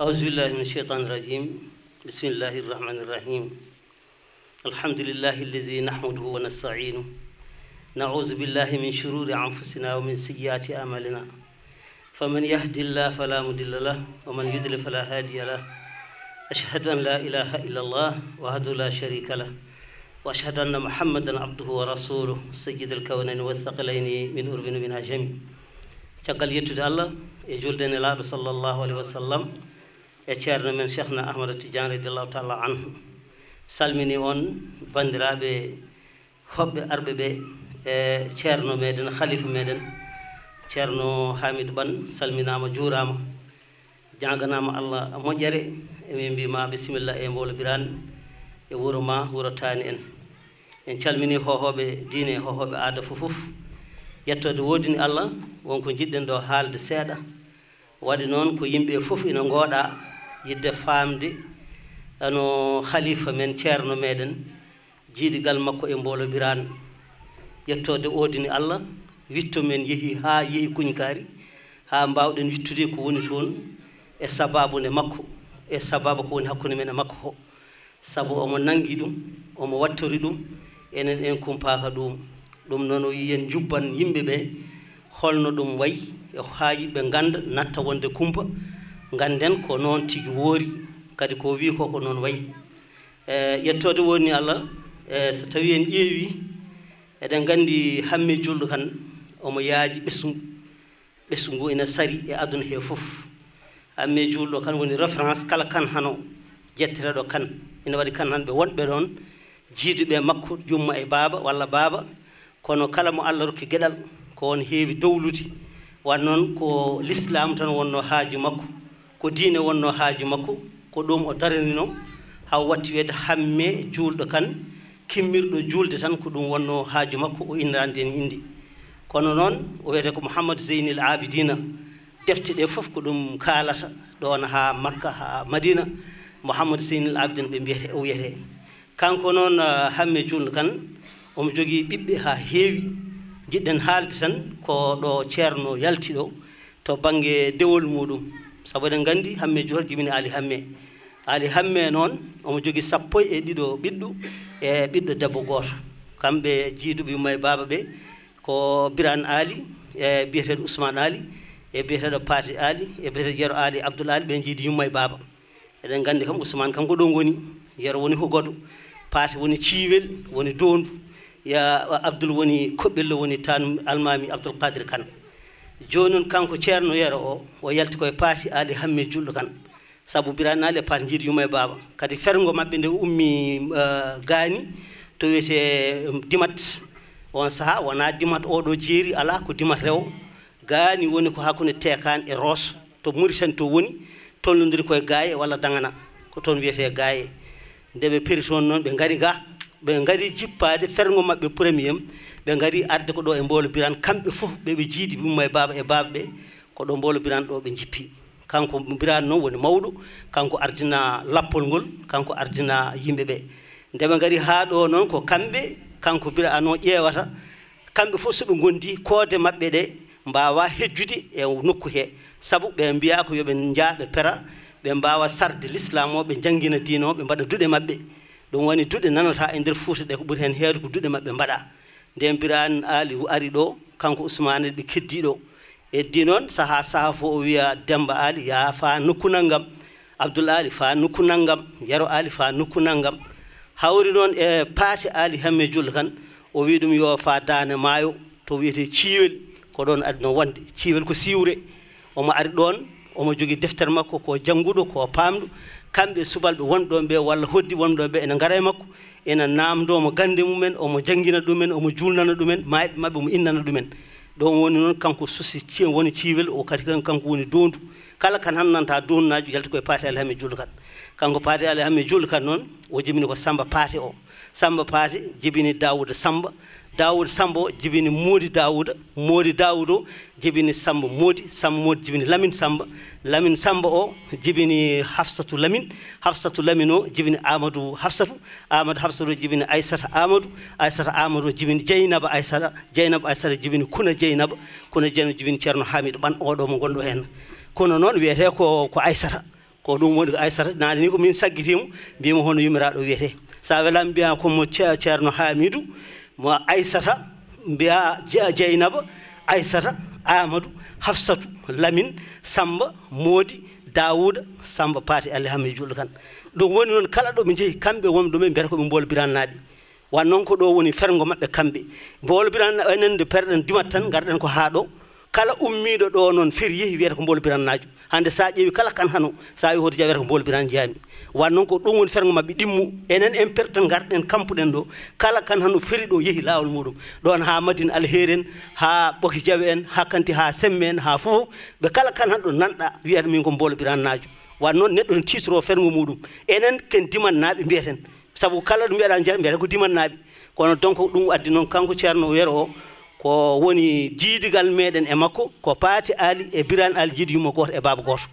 أعوذ بالله من الشيطان الرجيم بسم الله الرحمن الرحيم الحمد لله الذي نحمده ونستعينه نعوذ بالله من شرور أنفسنا ومن سيئات أعمالنا فمن يهدي الله فلا مضل له ومن يضل فلا هادي له أشهد أن لا إله إلا الله وحده لا شريك له وأشهد أن محمدا عبده ورسوله سيد الكونين والثقلين من أربن من هاشم تقل يتد الله يجول دين الله صلى الله عليه وسلم e ceerno men cheikhna ahmada tidiane radiallahu taala anhu salmini on banndiraaɓe hoɓɓe arɓe ɓe e ceerno meeɗen halifa meeɗen ceerno hamidou ɓan salminaama juuraama jaganaama allah moƴƴere emin mbima bisimillah e mbowlobiraane e wuro ma wurotaani en en calminii hohooɓe diine hohooɓe aada fof fof yettoode woodini allah wonko jiɗɗen ɗo haalde seeɗa waɗi noon ko yimɓe fof ina ngooɗaa yidde faamde ano khalifa men ceerno meeɗen jiidigal makko e mboolobiraan yettoode oodini allah witto men yehii haa yehii kuñkaari haa mbaawɗen wittude ko woni toon e sabaabu nde makko e sabaabu ko woni hakkunde men e makko ho sabu omo nanngi ɗum omo wattori ɗum enen en kumpaaka ɗum ɗum noon o yiyen jubban yimɓe ɓee holno ɗum wayi e haa yiɓe ngannda natta wonde kumpa ganden ko noon tigi woori kadi ko wi ko ko noon wayi e ƴettode wonni allah e so tawi en ƴeewi eɗen gandi hamme julɗo han omo yaaji ɓesungu ɓesungu ina sari e aduna he fof hamme julɗo kan woni référence kala kan hano jetteteɗo kan ina waɗi kan han ɓe wonɓe ɗon jiiduɓe makko jumma e baaba walla baaba kono kala mo allah rokki gueɗal ko won heewi dowlude wan noon ko l'islam tan wonno haaju makko ko diine wonno haaju makko ko ɗum o daraninoo haw watti wiyeede hamme juulɗo kan kimmirɗo juulde tan ko ɗum wonno haaju makko o innirande en innde kono noon o wiyete ko mouhamadou zeynil abidina defte ɗe fof ko ɗum kaalata ɗoon haa makka haa madina mouhamadou zeynil abidina ɓe mbiyete o wiyete kanko noon ah, hamme juulɗo kan omo jogii ɓiɓɓe haa heewi jiɗɗen haalde tan ko ɗo ceerno yalti ɗo to baŋnge dewol muɗum sabu eɗen nganndi hamme jor jibini ali hamme ali hamme noon omo jogi sappo e ɗiɗo ɓiɗɗo e ɓiɗɗo debbo gooto kamɓe jiiduɓe yumma e baaba ɓe ko biran ali e biyeteɗo ousmane ali e biyeteɗo paati ali e biyeteɗo yero ali abdoul ali ɓe jiidi yumma e baaba eɗen nganndi kam ousmane kanko ɗo ngoni yero woni ko goɗo paati woni ciiwel woni doondu ya abdoul woni koɓɓillo woni tan almami abdoul kadir kane jonun kanko ceerno yero o o yalti koye paati aali hamme julɗo kan sabu biranaali e paati jiiɗi yuma e baaba kadi fergo maɓɓe nde ummi uh, gaani to wiyete um, dimat on saha wona dimat oɗo jeeri ala ko dimat rew gaani woni ko hakkunde tekani e ros to muritan to woni tolnodiri koye gaaye walla dagana ko toon wiyete gaaye nde ɓe peri toon noon ɓe gari ga ɓe gari jippade fergo maɓɓe premier ɓe ngari arde ko ɗo e mbolobiran kamɓe fof ɓeɓe jiidi mumma e baaba e baaba ɓe ko ɗo mbolobiran ɗo ɓe jippi kanko birani noon woni mawɗo kanko ardina lappol ngol kanko ardina yimɓe ɓe ndeɓe ngari haa ɗo noon ko kamɓe kanko bira a noon ƴeewata kamɓe fof so ɓe gondi koode maɓɓe ɗe mbaawa hejjude e nokku hee sabu ɓe mbiya ko yo ɓe njaaɓe pera ɓe mbaawa sarde l'islam o ɓe jangina diinoo ɓe mbaɗa duɗe maɓɓe ɗum woni duɗe nanata e ndeer fuuta ɗe ko ɓuri heen heedu ko duɗe maɓɓe mbaɗaa ndembiraani aali ari ɗo kanko usmane ɓe keddiiɗo heddi noon sahaa saha fo o wiya demba aali yaha fa nokku nanngam abdoul aali fa nokku nanngam yaro aali fa nokku nanngam hawri noon e paati aali hamme jul kan o wi ɗum yo fa daane maayo to wiyete ciiwel ko ɗon adino wonde ciiwel ko siwre omo ari ɗoon omo jogii deftere makko ko jannguɗo ko paamɗo kamɓe subalɓe wonɗon ɓe walla hoddi wonɗon ɓe ene ngara e makko ena namdomo gande mumen omo janggina ɗumen omo julnana ɗumen mayɓe mabɓe omo innana ɗumen ɗon woni noon kanko susi woni ciwel o kadi kanko woni dondu kala kan han nanta donnaji yalti koye paate alayhamme julde kan kanko paate alayhamme julde kan noon o jibini ko samba paate o samba paate jibini dawoude samba dawouda sambo jibini modi dawouda modi dawouda o jibini sambo modi sambo modi jibini lamin samba lamin samba o jibini hafsatu lamin hafsatu lamin o jibini amadou hafsatu amadou hafsatu jibini aissata amadou aissata amadou jibini dieynaba aissata dieynaba aissata jibini kuna dieynaba kuna dieynaba jibini ceerno hamid ban oɗo mo gondo hen kono noon wiyete ko ko aissata ko ɗum woni ko aissata naade ni ko min saggitimo mbimo hono yumiraɗo wiyete sa welami mbiya komo ceerno hamidou mo aysata mbiya dieynaba aysata amadou hafsatu lamine samba moodi dawouda samba paati allah hamii julɗo kan ɗum woni noon kala ɗo ɓe jehi kamɓe wonɓe ɗum ɓe mbiyata ko ɓe mbolbirannaaɓe wa noon ko ɗo woni fergo maɓɓe kamɓe mbolbiran enen nde perɗen dimat tan ngarɗen ko haa ɗo kala ummiiɗo ɗo noon fir yehi wiyata ko mbolbirannaajo hannde so a ƴeewi kala kan hano so a wi hoto jawiyata ko mbolbiran jaami wan noon ko ɗum woni ferngo maɓɓe ɗimmu enen impertan ngarɗen kampuɗen ɗo kala kan hano feri ɗo yehi laawol muɗum ɗon haa madine alheri en haa ɓoki jawe en haa kanti haa semme en haa fofof ɓe kala kan han ɗo nanɗa wiyata min ko mbolbirannaajo wan noon neɗɗo ne tiitoro ferngo muɗum enen ken dimannaaɓe mbiyaten sabu kala ɗo mbiyaɗa jaa mbiyata ko dimannaaɓe kono donc ɗum addi noon kanko ceerno wero o ko woni jiidigal meɗen e makko ko paati ali e birane ali jiidi yummo goto e baaba goto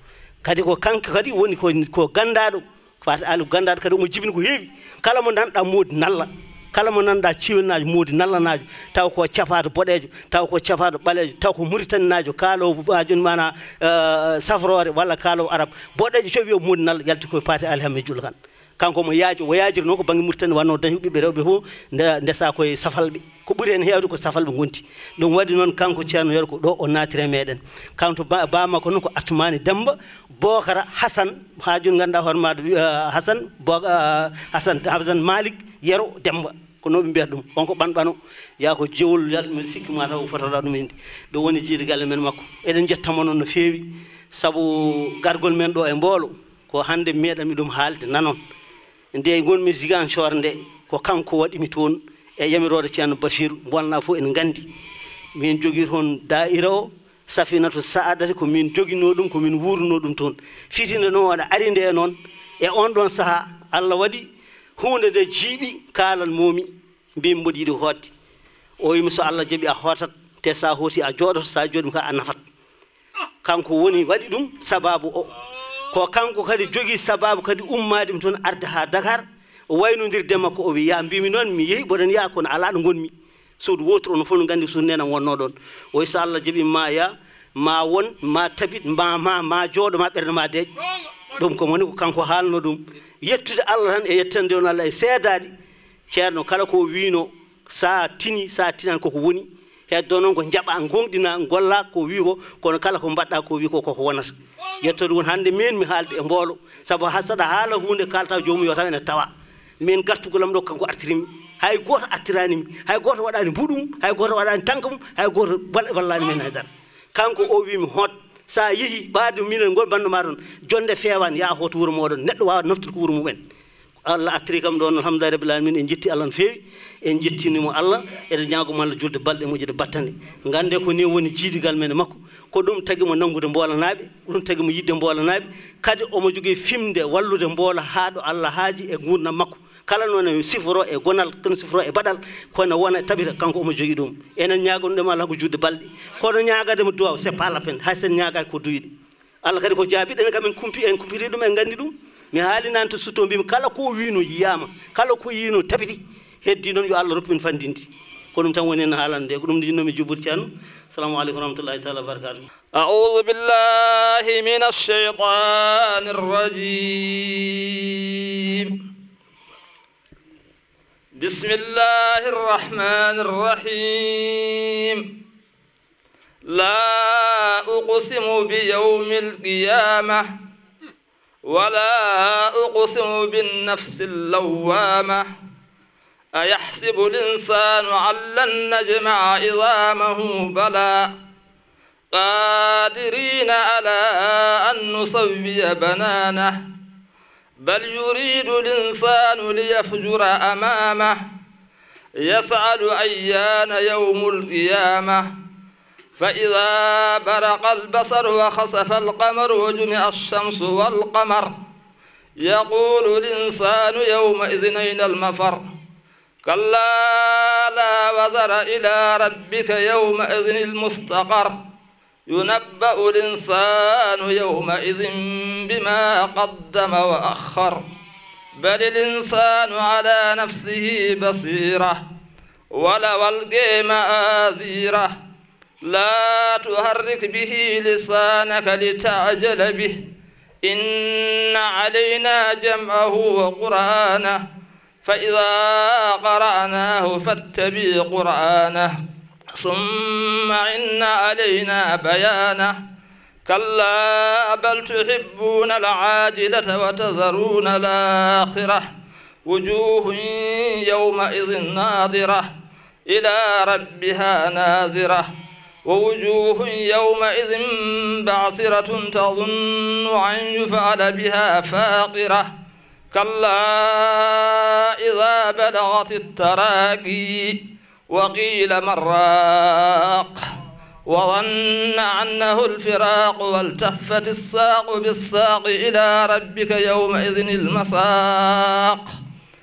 kadi ko kanke kadi woni ko gandaɗo paati ali gandaɗo kadi omo jibini ko heewi kala mo nanɗa moodi nalla kala mo nanɗa ciwelnajo moodi nallanajo taw ko capaɗo boɗejo taw ko capaɗo ɓalejo taw ko muritaninajo kaalo joni mana eh, safrore walla kaalo arab boɗejo cowi wi moodi nalla yalti koye paati ali hamme julo kan kanko mo yaaji o yaajirno ko bange murtani wanno dañi ɓiɓɓe rewɓe fof nde ndesa koye safalɓe ko ɓuri hen heewde ko safalɓe gonti ɗum waɗi noon kanko ceerno yeeru ko ɗo o naatire meɗen kanto bamako noon ko artumani demba bokara hasan ha joni ganduɗa hoore maɗo eh, hasan bo eh, hasan hasan malik yero demba ko noon ɓe mbiyata ɗum wonko ɓanɓano ya ko jewol yaɗum sikki ma taw fotata ɗum indi ɗo woni jiide galle men makko eɗen jettamo noon no feewi saabu gargol men ɗo e mboolo ko hannde meeɗami ɗum haalde nanon nde gonmi jigan soore nde ko kanko waɗimi toon e yamiroode ceerno basiru bonna fof en nganndi min jogii toon daa'ira o safina to saadata ko min joginoo ɗum komin wuurnoo ɗum toon fitinde noon waɗa ari nde noon e on ɗon sahaa allah waɗi huunde nde jiiɓi kaalan momi mbin mboɗi yiɗi hoodde o wiimi so allah jaɓi a hootat te sa hooti a jooɗoto sa jooɗim ka a nafat kanko woni waɗi ɗum sababu o ko kanko kadi jogi sababu kadi ummade mi toon ha dakar o waynodirde makko o wi ya mbimi noon mi yehi mboɗen yaha kono ala ɗo gonmi sowdu wotoro ono fof no gandi sunu nena wonno ɗon o sa allah jaɓi ma ya ma won ma tabit ma ma ma jooɗo ma ɓernde ma deeƴ ɗum ko moni ko kanko haalno ɗum yettude allah tan e yettande on allah e seedaade ceerno kala ko wiino sa tini sa tinani koko woni heddo noon ko jaɓa gonɗina golla ko wi ko kono kala ko mbaɗɗa ko wi ko koko wonata yetto ɗum hannde min mi haalde e mboolo sabu hasaɗa haala hunde kaltaw joomum yo taw ene tawa min gartugolam ɗo kanko artirimi hay gooto attiranimi hay gooto waɗani mbuɗum hay gooto waɗani tanka mum hay gooto ballani men haydara kanko o wimi hot sa yeehi ɓaade minen gol bandoma ɗon jonde fewani yaa hoto wuuro moɗon neɗɗo wawa naftir ko wuuro mumen allah attiri kam ɗon alhamdulilah rabbil alamin en jetti allah no fewi en jettinimo allah eɗen ñaagomo allah julde balɗe muƴe de battane gande ko ni woni jiidigal men makko ko ɗum tagi mo nangude mboola naaɓe ɗum tagi mo yidde mboola kadi omo jogii fimde wallude mboola haa ɗo allah haaji e gurdam makko kala noone siforo e gonal kono siforo e baɗal kono wona e tabita kanko omo jogii ɗum enen ñaagono ɗum ala ko juutde balɗe kono ñaagademo duwaw c'est pas la peine hay sen ñaagaaki ko duyiɗe allah kadi ko jaabiɗen kam en kumpi en kumpiri ɗum en nganndi ɗum mi haalinani to sutto mbimi kala ko wino yiyama kala ko yiino tabiti heddi noon yo allah rokkumin fandindi كنتم تمنين هالاند كنتم دينو مجبورتيان السلام عليكم ورحمه الله تعالى وبركاته اعوذ بالله من الشيطان الرجيم بسم الله الرحمن الرحيم لا اقسم بيوم القيامه ولا اقسم بالنفس اللوامه أيحسب الإنسان أن لن نجمع عظامه بلى قادرين على أن نصوي بنانه بل يريد الإنسان ليفجر أمامه يسأل أيان يوم القيامة فإذا برق البصر وخسف القمر وجمع الشمس والقمر يقول الإنسان يومئذ أين المفر كلا لا وزر إلى ربك يومئذ المستقر ينبأ الإنسان يومئذ بما قدم وأخر بل الإنسان على نفسه بصيرة ولو ألقي مآذيره لا تهرك به لسانك لتعجل به إن علينا جمعه وقرآنه فإذا قرأناه فاتبع قرآنه ثم إن علينا بيانه كلا بل تحبون العاجلة وتذرون الآخرة وجوه يومئذ ناظرة إلى ربها ناظرة ووجوه يومئذ بعصرة تظن أن يفعل بها فاقرة كلا إذا بلغت التراقي وقيل من راق وظن عنه الفراق والتفت الساق بالساق إلى ربك يومئذ المساق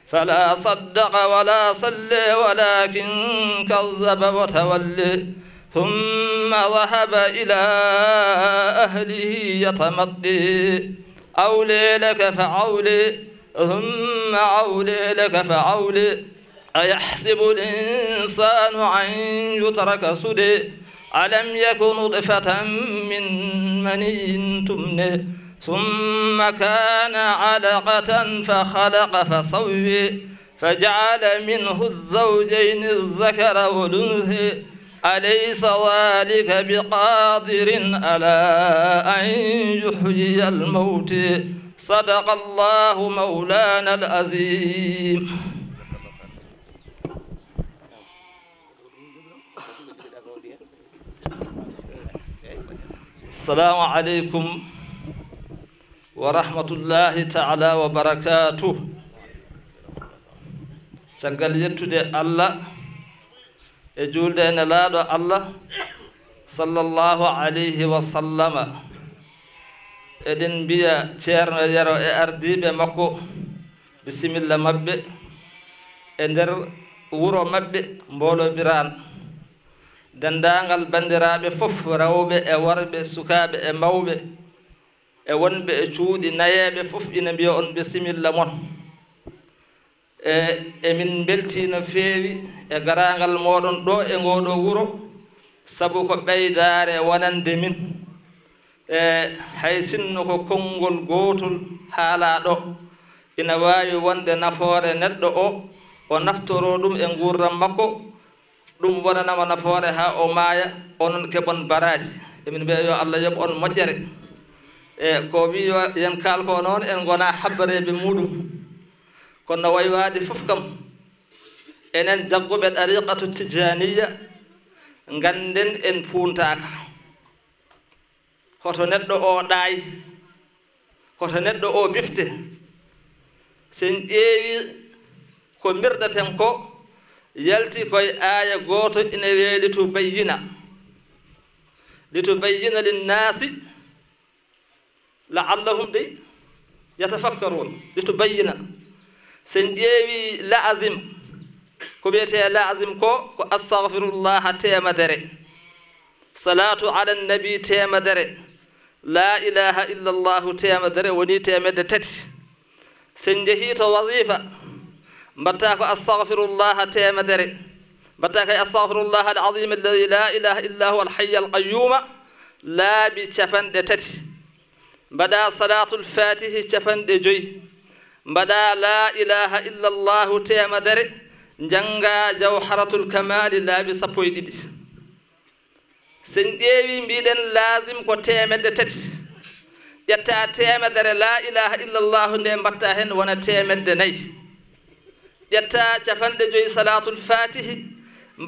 فلا صدق ولا صلى ولكن كذب وتولي ثم ذهب إلى أهله يتمطي أولي لك فعولي ثم عولي لك فعولي أيحسب الإنسان أن يترك سدي ألم يكن ضفة من مني تمني ثم كان علقة فخلق فصوي فجعل منه الزوجين الذكر والأنثى أليس ذلك بقادر ألا أن يحيي الموت صدق الله مولانا العظيم السلام عليكم ورحمة الله تعالى وبركاته تنقل يتدي الله يجول دين الله الله صلى الله عليه وسلم eɗen mbiya ceerno yero e ardiiɓe makko bisimilla maɓɓe e nder wuro maɓɓe mboolobiran denndaangal banndiraaɓe fof rawɓe e worɓe sukaaɓe e mawɓe e wonɓe e cuuɗi nayeeɓe fof ina mbiya on bisimilla mon e emin mbeltii no feewi e garaangal mooɗon ɗo e ngoo ɗoo wuro sabu ko ɓeydaare wonande min e hay sinno ko konngol gootol haalaa ɗo ina waawi wonde nafoore neɗɗo o o naftoro ɗum e nguurran makko ɗum wonanama nafoore haa o maaya onon keɓon baraaji emin mbiya yo allah yoɓ on moƴƴere e ko wi yo yen kaalko noon en ngonaa habbareeɓe muɗum kono no waywaade fof kam enen jagguɓe ɗariqatu tijaniya ngannden en puuntaaka hoto neɗɗo o ɗaayi hoto neɗɗo o bifte sen ƴeewi ko mirɗaten ko yalti koye aaya gooto ina wee litu bayyina litu bayyina linnaasi laallahum dey yatafakkaruun litu bayyina sen ƴeewi laazim ko wiyetee laazim ko ko astahfirullaha teemadere salatu ala nnabi teemadere لا إله إلا الله تيام در وني تيام دتت سنجهي تو وظيفة بتاك أستغفر الله تيام در بتاك أستغفر الله العظيم الذي لا إله إلا هو الحي القيوم لا بشفن دتت بدا صلاة الفاتحة شفن دجي بدا لا إله إلا الله تيام در جنجا جوحرة الكمال لا بصفوي دتت سنجيبي ميدن لازم كو تيمد تت يتا تيمد لا إله إلا الله نيم بطاهن وانا تيمد ني يتا چفن دجوي صلاة الفاتح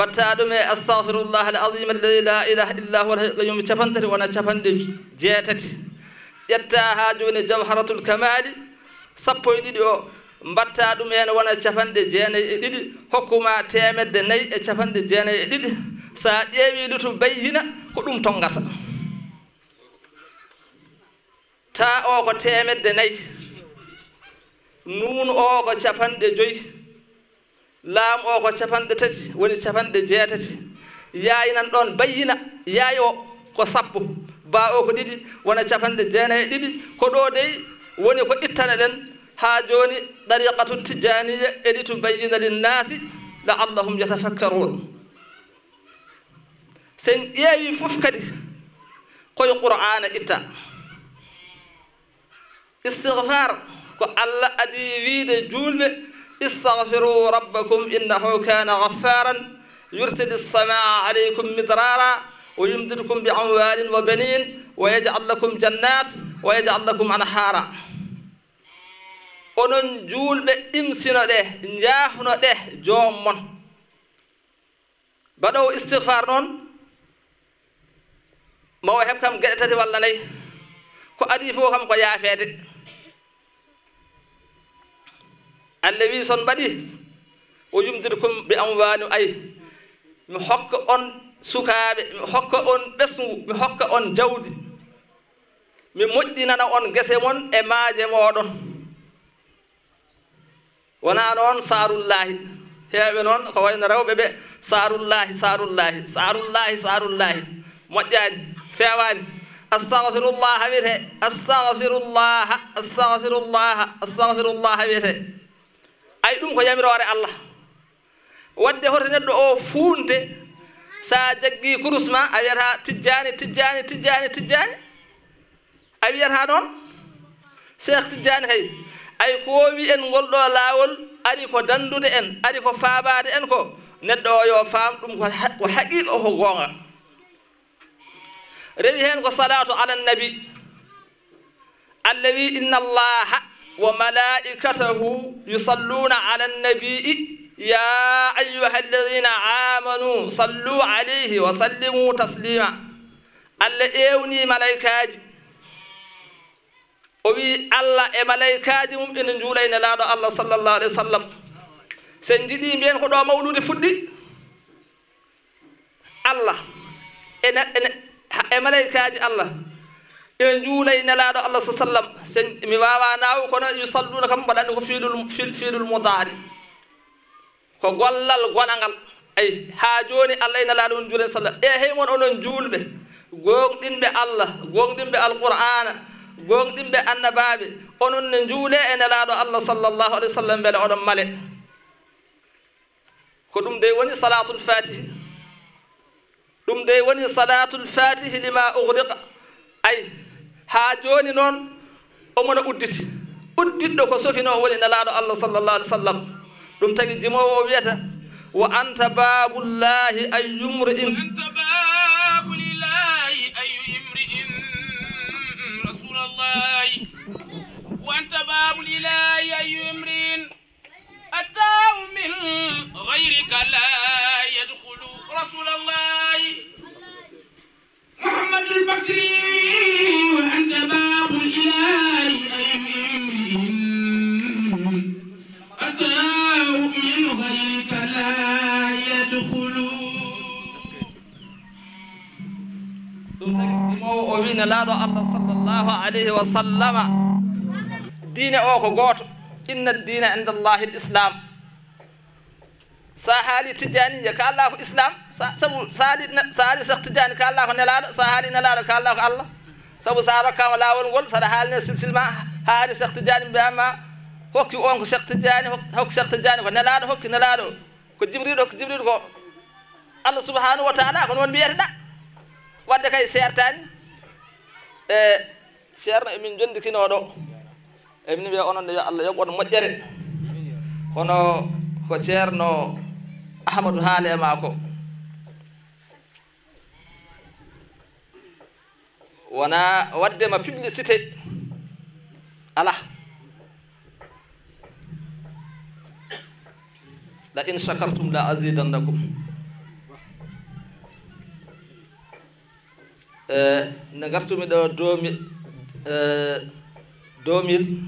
بطادم أستغفر الله العظيم الذي لا إله إلا هو يوم چفن تر وانا چفن دجيتت يتا هاجون جوهرة الكمال سبوي ديو بطادم وانا چفن دجيني ديد حكومة تيمد ني چفن دجيني ديد so a ƴeewii lutu bayyina ko ɗum tongata taa o ko teemedde nayi nuun o ko capanɗe joyi laam o ko capanɗe tati woni capanɗe jeetati yaay nan ɗoon bayyina yaay o ko sappo baa o ko ɗiɗi wona capanɗe jeenaye ɗiɗi ko ɗo dey woni ko ittana ɗen haa jooni ɗariqatu tijaniya e litu bayyina linnaasi laallahum yatafakkaruun sen yeewi fof kadi koye qur'ana itta istigfar ko allah adi wiide julɓe istahfiru rabbakum innahu kana gaffaran yursili lsamaa aleykum midrara wa yumdidkum bi amwalin wa banin wa yajal lakum jannat wa yajal lakum anhara onon juulɓe ɗimsino ɗe jaafno ɗe joom mon mbaɗowo istigfar noon mo heb kam geɗe tati walla nay ko adi fo kam ko yaafeede allah wi son badi o yumdirkum bi amwanu ay mi hokka on sukaaɓe mi hokka on ɓesngu mi hokka on jawdi mi moƴƴinana on gese mon e maaje modon wana non saarullahi heewɓe non ko wayno rewɓe ɓe saarullahi saarullahi saarullahi saarullahi moƴƴaani sewan astaqfirullaha wiyete astaqfirullaha astaqfirullaha astaqfirullaha wiyete ay ɗum ko yamirore allah wadde hoto neɗɗo o fuunde sa jaggi kurus ma a wiyata tijjani tijjani tijjani tijjani a wiyata noon cheikh tijjani kay ay ko wi en ngol ɗo laawol ari ko dandude en ari ko faabade en ko neɗɗo o yo faam ɗum ko haqiiqa ko goonga rewi heen ko salatu ala nabi allah wi inna allaha wa malaikatahu yusalluna ala nabii يا أيها الذين آمنوا صلوا عليه وسلموا تسليما الله إيوني ملايكاجي o wi allah e malaikaji mum ene juulayne laaɗo allah sallllahu alih wa sallam sen jiɗi mbiyen ko ɗo mawlude fuɗɗi allah ene ene e malaikaji allah ɓe juulay nelaɗo allah sah sallam se mi wawa nawu kono mi salluna kam mbaɗanni ko fiidul fiidul mudaari ko gollal gonangal ay ha joni allah e nelaɗo on juulen sallam e heymon onon juulɓe gonɗinɓe allah gonɗinɓe alqur'ana gonɗinɓe annabaɓe onon ne juule e nelaɗo allah sallllahu alah w sallam beele oɗon male ko ɗum de woni salatul fatihi دم ديواني صلاة الفاتح لما أغرق أي هاجوني نون أمنا أدت أدت نكو سوفينا ولي نلال الله صلى الله عليه وسلم دم تاكي جمو وبيتا وأنت باب الله أي امرئ وأنت باب لله أي امرئ رسول الله وأنت باب لله أي امرئ أتاه من غيرك لا يدخل رسول الله محمد البكري وأنت باب الإله أي وبين الله الله صلى الله عليه وسلم دين أوكو غوتو inna الدين inda الله lislam sa haali tijjaniya ko allah ko islam sabu saali saali seh tijjani ko allah ko nelaɗo sa haali nelaɗo allah ko allah sabu sa rokkama lawol ngol saɗa haalne silsil ma haali seh tijjani mbiyama hokki on ko seh tijjani hokki seh tijjani ko nelaɗo hokki nelaɗo ko jibriɗo hokki jibriɗo ko allah subahanahu wa taala ko noon mbiyeteɗa wadde kay sertani e ceerno emin jondikinoɗo emini wiya onon ne wiya allah yoɓon moƴƴere hono ko ceerno ahmadou haale e maako wona waddema publicité ala la in chakartum la asidannakum e eh, nde gartumi ɗo domi e eh, 2000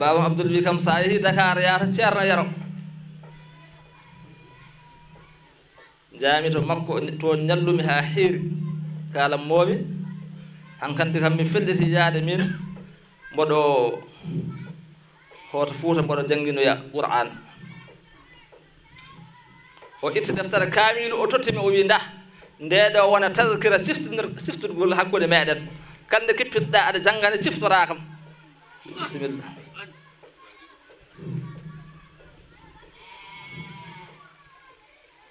babam abdoul wii kam so yehi dakar yaata ceerno yaro jaami to makko to ñallumi haa xiiri kaala moomi hankanti kam mi felliti yaade min mboɗo hoto fuuta mboɗo jannginoya qouran o itta deftere kaamilu o tottimi o wi nda ndeɗo wona taskira siftinir siftirgol hakkude meɗen kannde kippitoɗa aɗa jannga nde siftora kam bisimilla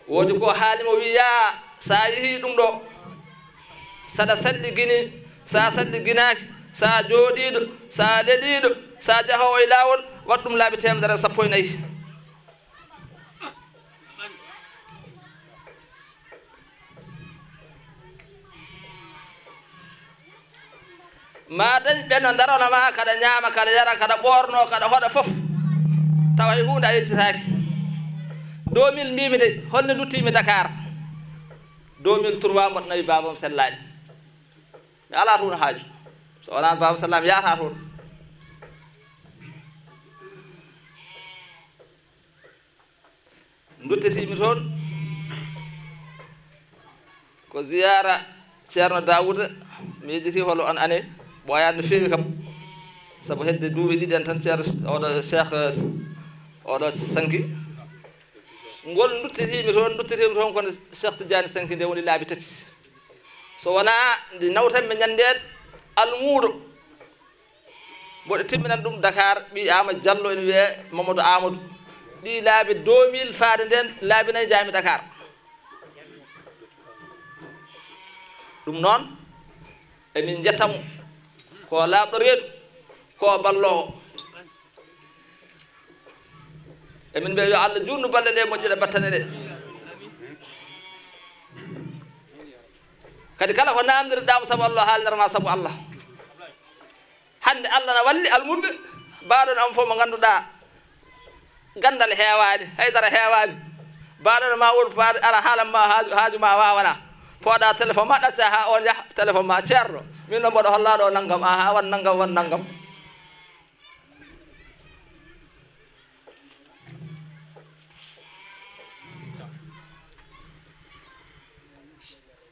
woodi ko haalimo wiya sa yehi ɗum ɗo saɗa salli gini sa salli ginaaki sa jooɗiiɗo sa leliiɗo sa jahoo e laawol waɗ ɗum laabi temedere sappo e nayi ma dañi ɓenno darono ma kaɗa ñaama kaɗa yara kaɗa ɓoorno kaɗa hoɗa fof tawa e hunde a yeccitaaki 2000 mbimi de holno luttimi dakar 2003 mboɗanawi babam sellaaji mi ala toon haaju so wonan babam sellami yahata toon duttitimi toon ko ziyara ceerno dawouda mi yejjiti holo on année ɓooyaat no feewi kam sabu hedde duuɓi ɗiɗi en tan ceer oɗo cheikh oɗo sanki ngol duttitimi toon duttitimi toon kono cheikh tidiani sanki nde woni laabi tati so wonaa nde nawtanmi ñanndeen almuuɗo mboɗo timminan ɗum dakar ɓi ama diallo ene wiyee mamadou amadou ɗi laabi 2000 faade nden laabi nayi jaami dakar ɗum noon emin jettamo ko laaɗo reedu ko balloowo emin mbiya yo allah juutnu balle ɗe moƴƴiɗe battane ɗe kadi kala ko naamdirɗaamo sabu allah haalnirama sabu allah hannde allah na walli almumɓe mbaɗon am fof mo ngannduɗaa ganndal heewaani haydara heewaani mbaɗono ma wor paade ara haalam ma haaju haaju ma waawanaa poɗa téléphone ma cha ha on ya téléphone ma cerro min no mboɗo hollaɗo o nanggam aha wan nanggam wan nanggam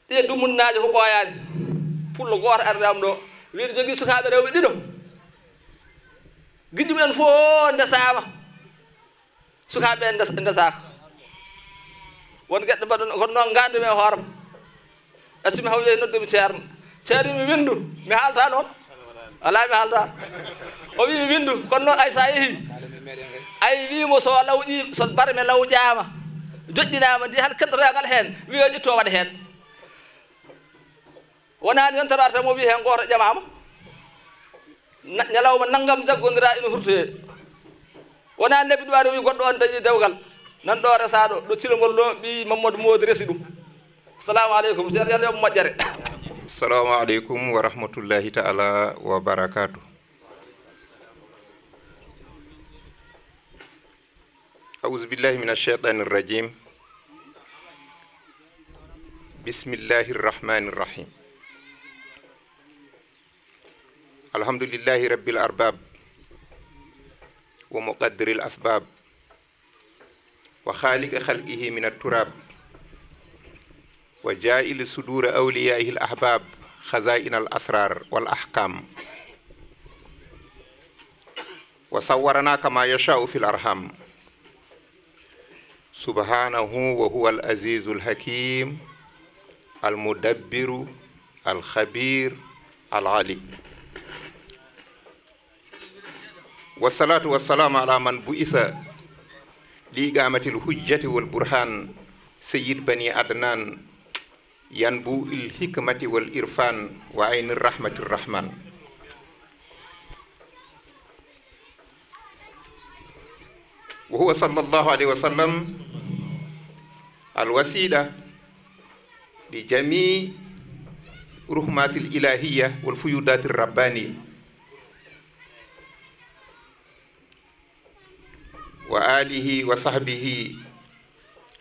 ɗe dumunnaji ko ɓoyani pullo goto ardam wir jogi suka be rewbe dido giɗɗum en fof ndesama sukaɓe ndesaka won gueɗɗo badon ko no gandumi e hoorema asimi hawƴa e noddemi ceerno ceerno mi winndu mi haalta noon alaa mi haalta o wii mi winndu kono noon ay so a yehii ay wiimo so lawƴi so barme lawƴaama joƴƴinaama ndi hal keddoroyangal heen wii o ƴettu o waɗa heen wonaani yon tarata mo wii heen gooto ƴamaama ñalawma nanngam jaggondiraa ina hurtoyee wonaani lebbi ɗuwaari wii goɗɗo on dañii dewgal nan ɗo resaa ɗo ɗo cilongol ɗo ɓii mamadou moodi resi ɗum السلام عليكم جار يلا يوم مجري السلام عليكم ورحمة الله تعالى وبركاته أعوذ بالله من الشيطان الرجيم بسم الله الرحمن الرحيم الحمد لله رب الأرباب ومقدر الأسباب وخالق خلقه من التراب وجائل صدور أوليائه الأحباب خزائن الأسرار والأحكام وصورنا كما يشاء في الأرحام سبحانه وهو العزيز الحكيم المدبر الخبير العليم والصلاة والسلام على من بئس لإقامة الحجة والبرهان سيد بني أدنان ينبوء الحكمة والإرفان وعين الرحمة الرحمن وهو صلى الله عليه وسلم الوسيلة لجميع رحمات الإلهية والفيودات الربانية وآله وصحبه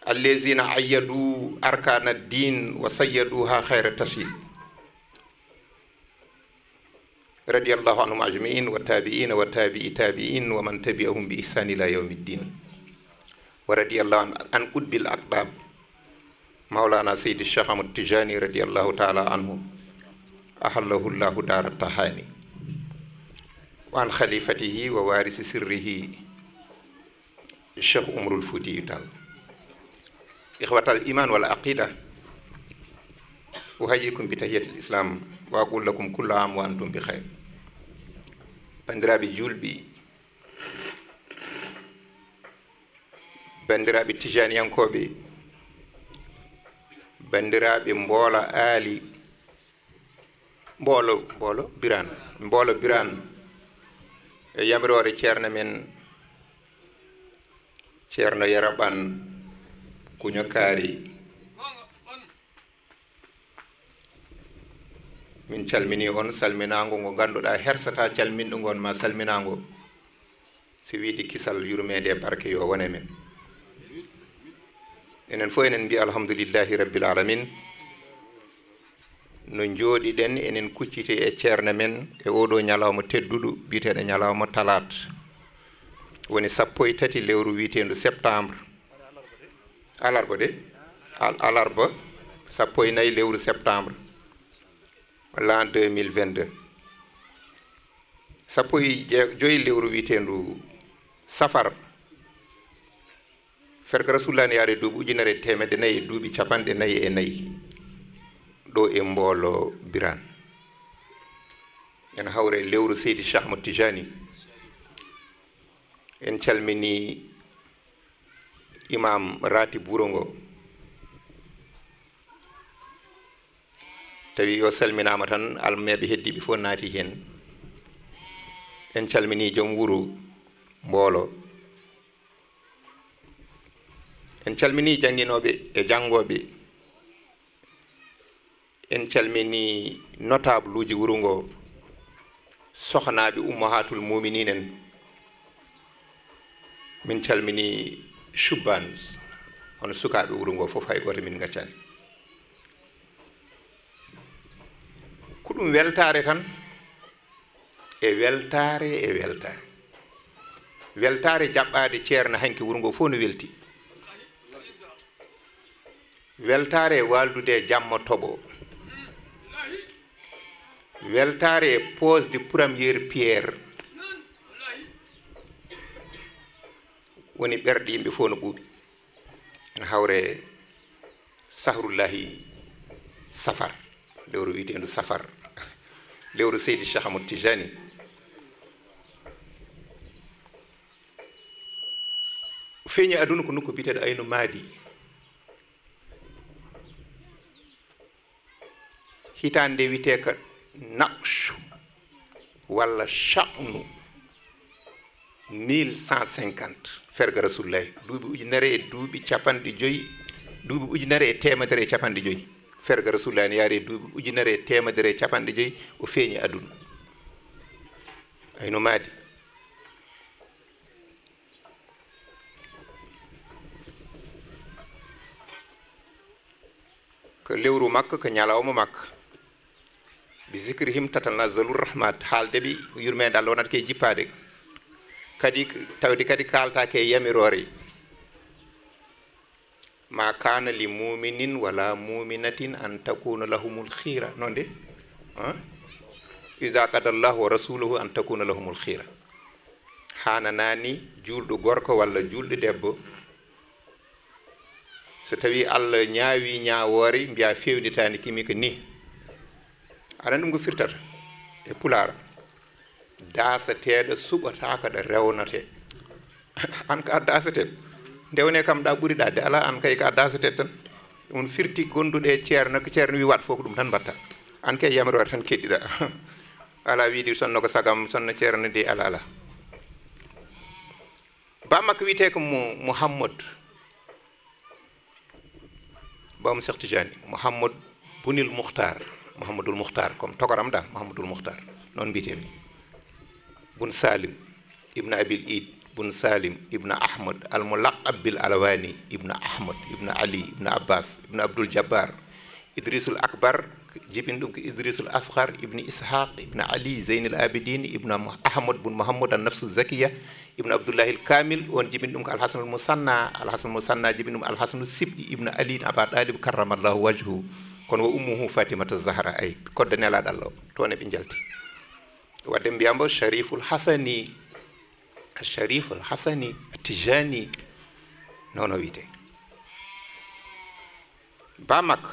الذين عيدوا أركان الدين وسيدوها خير التسيد رضي الله عنهم أجمعين والتابعين وتابعي تابعين ومن تبعهم بإحسان إلى يوم الدين ورضي الله عن قد بالأقباب مولانا سيد الشيخ أحمد التجاني رضي الله تعالى عنه أحله الله دار التهاني وعن خليفته ووارث سره الشيخ عمر الفوتي تعالى إخوة الإيمان والعقيدة أحييكم بتحية الإسلام وأقول لكم كل عام وأنتم بخير بندرابي جولبي banndiraaɓe tijaniyankooɓe banndiraaɓe mboola aali mboolo mboolo biran mboolo biran e yamiroore ceerno men ceerno yaraɓan kuño kaari min calmini on salminago ngo ganduɗa hersata calminɗo ngon ma salminago si wiɗi kisal yurmede e barke yo wone men enen fo enen mbi alhamdulillahi rabbil alamin no jooɗiɗen enen kuccite e ceerne men e oɗo ñalawma tedduɗo biyeteɗo ñalawma talat woni sappo e tati lewru wiyetendu septembre alarba de alarba sappo e nayyi lewru septembre walla en 2022 sappo e joyi lewru wiyetendu safar ferque rasulullah ne yaare duuɓi ujunere temedde nayyi e duuɓi capanɗe nayyi e nayyi ɗo e mboolo biran ene hawre lewru seydi chahmo tijani en calmini imam rati buro ngo tawi yo salminama tan almeɓe heddiɓe fof naati hen en calmini joom wuuro mboolo en calmini jangguinoɓe e jangoɓe en calmini notable uji wuuro ngo sohnaɓe ummahatul muminin en min calmini cubban hono sukaɓe wuuro ngo fof hay goto min gaccani ko ɗum weltare tan e weltare e weltare weltare jaɓɓade ceerno hanki wuuro ngo fof no welti weltare e waldude jamma toɓo weltare e pose de pouramiére pierre woni ɓerɗe yimɓe fof no ɓuuɓi hawre sahrullahi safar lewru wiiteendu safar lewru seydi chahamud tijani feeñi aduna ko nokku biteeɗo ayno maadi hitaan nde witee ka naqche walla chanu mille cent cinquante ferga rasulillahi duuɓi ujunere e duuɓi capanɗe joyyi duuɓi ujunere e temedere e capanɗe joyyi ferga rasulillahi ne yaari e duuɓi ujunere e temedere e capanɗe joyyi o feeñi aduna ayno maadi ko lewru makka ko ñalawma makka bi zicrihim tatalna zalurrahmat haaldeɓe yurmede allah wonata ke jippade kadi tawdi kadi kaaltake e yamirore ma kana li muminin wala muminatin an takuna lahumul khira nonde iza isa qada llahu wa rasuluhu an takuna lahumul khira hana nani juldu gorko wala juldu debbo so tawi allah nyaawi nyaawori mbiya fewnitani kimi ko ni aɗa ɗum firtata e pulara daasateeɗo suɓataaka ɗo rewnate an ka a daaseteɗo ndewne kam ɗa ɓuriɗade ala an kay ka a daaseteɗo tan on firti gonduɗe ceerno ko ceerno wi wat fof ko ɗum tan mbatta an kay yamirore tan keɗɗiɗa ala wiidi sonno ko sagam sonno ceerno de ala ala bamakko wiyete ko mo mouhammad bamo sehtijani mouhammad bunil mouhtar mouhammadoul mouhtar comme togaram da mouhammadoul mouhtar noon mbiyetemi bun salim ibna abil id bun salim ibna ahmad almulaqab bil alawani ibna ahmad ibna ali ibna abbas ibna abdul jabbar idrisul akbar jibin ɗum ko idrisul askar ibni ishaq ibna ali zeynel abidin ibna ahmad bun mouhammad al nafsu zakia ibna abdoullahi l kamil on jibin ɗum ko alhasan al musanna alhasan musanna jibin ɗum alhasanu sibɗi ibna ali aba ɗalib karramallahu wajhu kono wo ummuhu fatimata zahara ayi koddane alaɗallao toon e ɓe jalti wadde mbiyambo sharifuul hasani sharifuul hasani tijani nono wiyte ba makka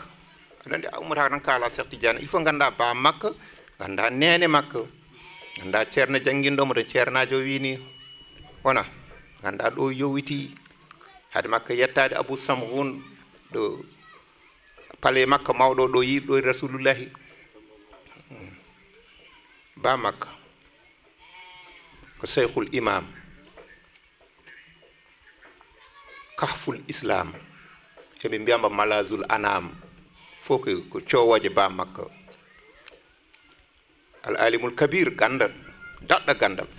aɗa andi a ummata tan kala cheikh tidiane il faut ganda ba makka ganda nene makka ganda ceerno jangguinɗomo to ceernajo wini wona ganda ɗo yowiti haade makka yettade abou samhun ɗo paale makka mawɗo ɗo yiɗɗo rasulullahi ba makka ko seykhul imam kahful islam eɓe mbiyamba malazul anam fof ko ko ba makka al alimul kabir gandal daɗɗo gandal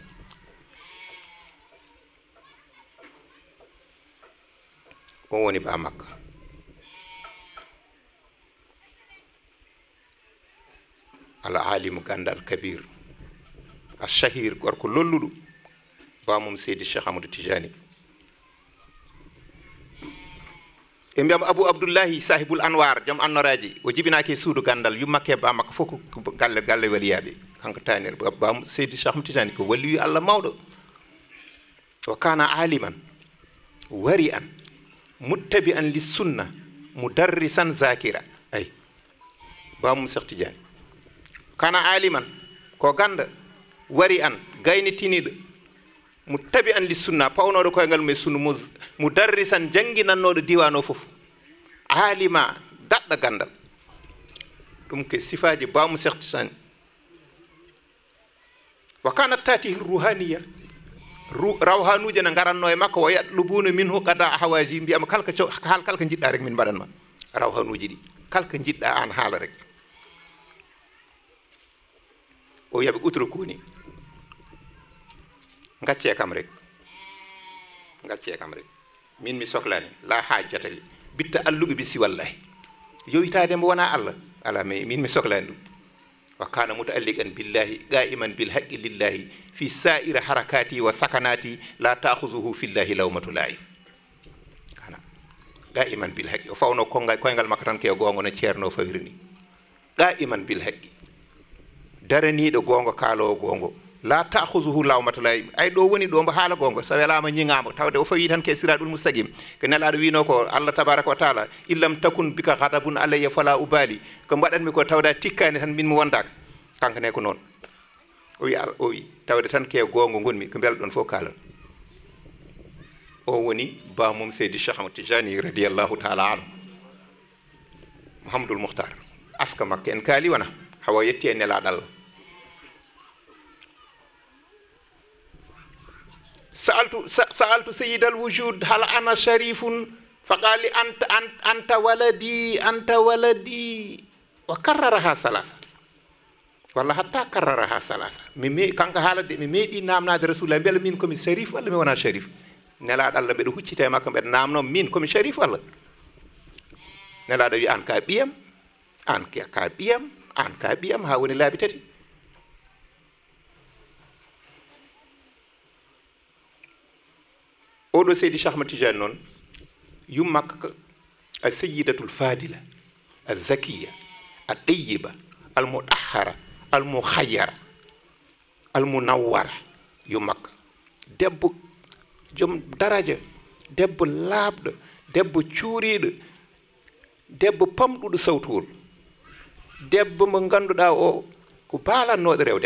on woni ba makka al alimu gandal kabir achahir gorko lolluɗo bamum seydi cheikh amadou tijani e mbiyam abou abdoullahi sahibul anwar joom annoraji o jibinaki e suudu gandal yummakke bamakko fof ko galle galle waliyaɓe kanko tanir bamu seydi cheikh amadou tijani ko walliwi allah mawɗo o kana aliman wari an muttabi an li sunna mudarrisan zakira ayi bamum cheikh tidiani kana aliman ko ganda wari an gaynitiniɗo mo taɓi an li sunna pawnoɗo koyngal mum e sunna mo mo darrisan jannginannoɗo diwan o fof aalima daɗɗa gandal ɗum ke sifaji bawmo sertitani wa kanat tatihi ruhaniya ru rawhanuji ne garanno e makko wa yatlubuna minhu qada hawaji mbiyama kala hal kala ko jiɗɗa rek min mbaɗanma rawhanuji ɗi kala ko jiɗɗa an haala rek o yaɓe outre koni gacce kam rek gacce kam rek min mi soklani la hajata li bitta alluɓe bi siwallahi yowitade mo wona allah ala mai min mi soklani ɗum wa kana muta alliqan billahi ga iman bil haqqi lillahi fi sa'ira harakati wa sakanati la ta'khuzuhu fillahi lawmatu la'i kana ga iman bil haqqi o fawno konga koyngal makka tan ke gongo no cerno fawirini ga iman bil haqqi daraniɗo gongo kalowo gongo la tahusuhu lawmata layim ay ɗo woni ɗo mbo haala gongo so welama ñiŋamo tawde o fawi tan ke siraɗul moustaqim ko nelaɗo wino ko allah tabaraka wa taala illam takun bika hadabun alayya fala ubali ko mbaɗanmi ko tawda tikkani tan min mi wondaka kankane ko noon o wi o wi tawde tan ke gongo gonmi ko beela ɗon fof kalan o woni bamum seydi cheikh amadou tijani radiallahu taala anu mouhamadoul mouhtar aska makko en kaali wona hawa yetti e nelaɗo allah سألت سألت سيد الوجود هل أنا شريف فقال لي أنت أنت أنت ولدي أنت ولدي وكررها ثلاثة والله حتى كررها ثلاثة ممي كان قال دي ممي دي نام نادر رسول الله بل مين كمي شريف ولا مين وانا شريف نلا الله بده هو شيء تما كمي نام نام مين كمي شريف ولا نلا ده يان كابيام أن كابيام أن كابيام هاوني لابي تدي أولو سيدي شيخ متجان نون يمك السيدة الفادلة الزكية الطيبة المؤخرة المخيرة المنورة يمك دب جم درجة دب لابد دب تشوريد دب بامدو دو سوتول دب منغاندو داو كبالا نودر يو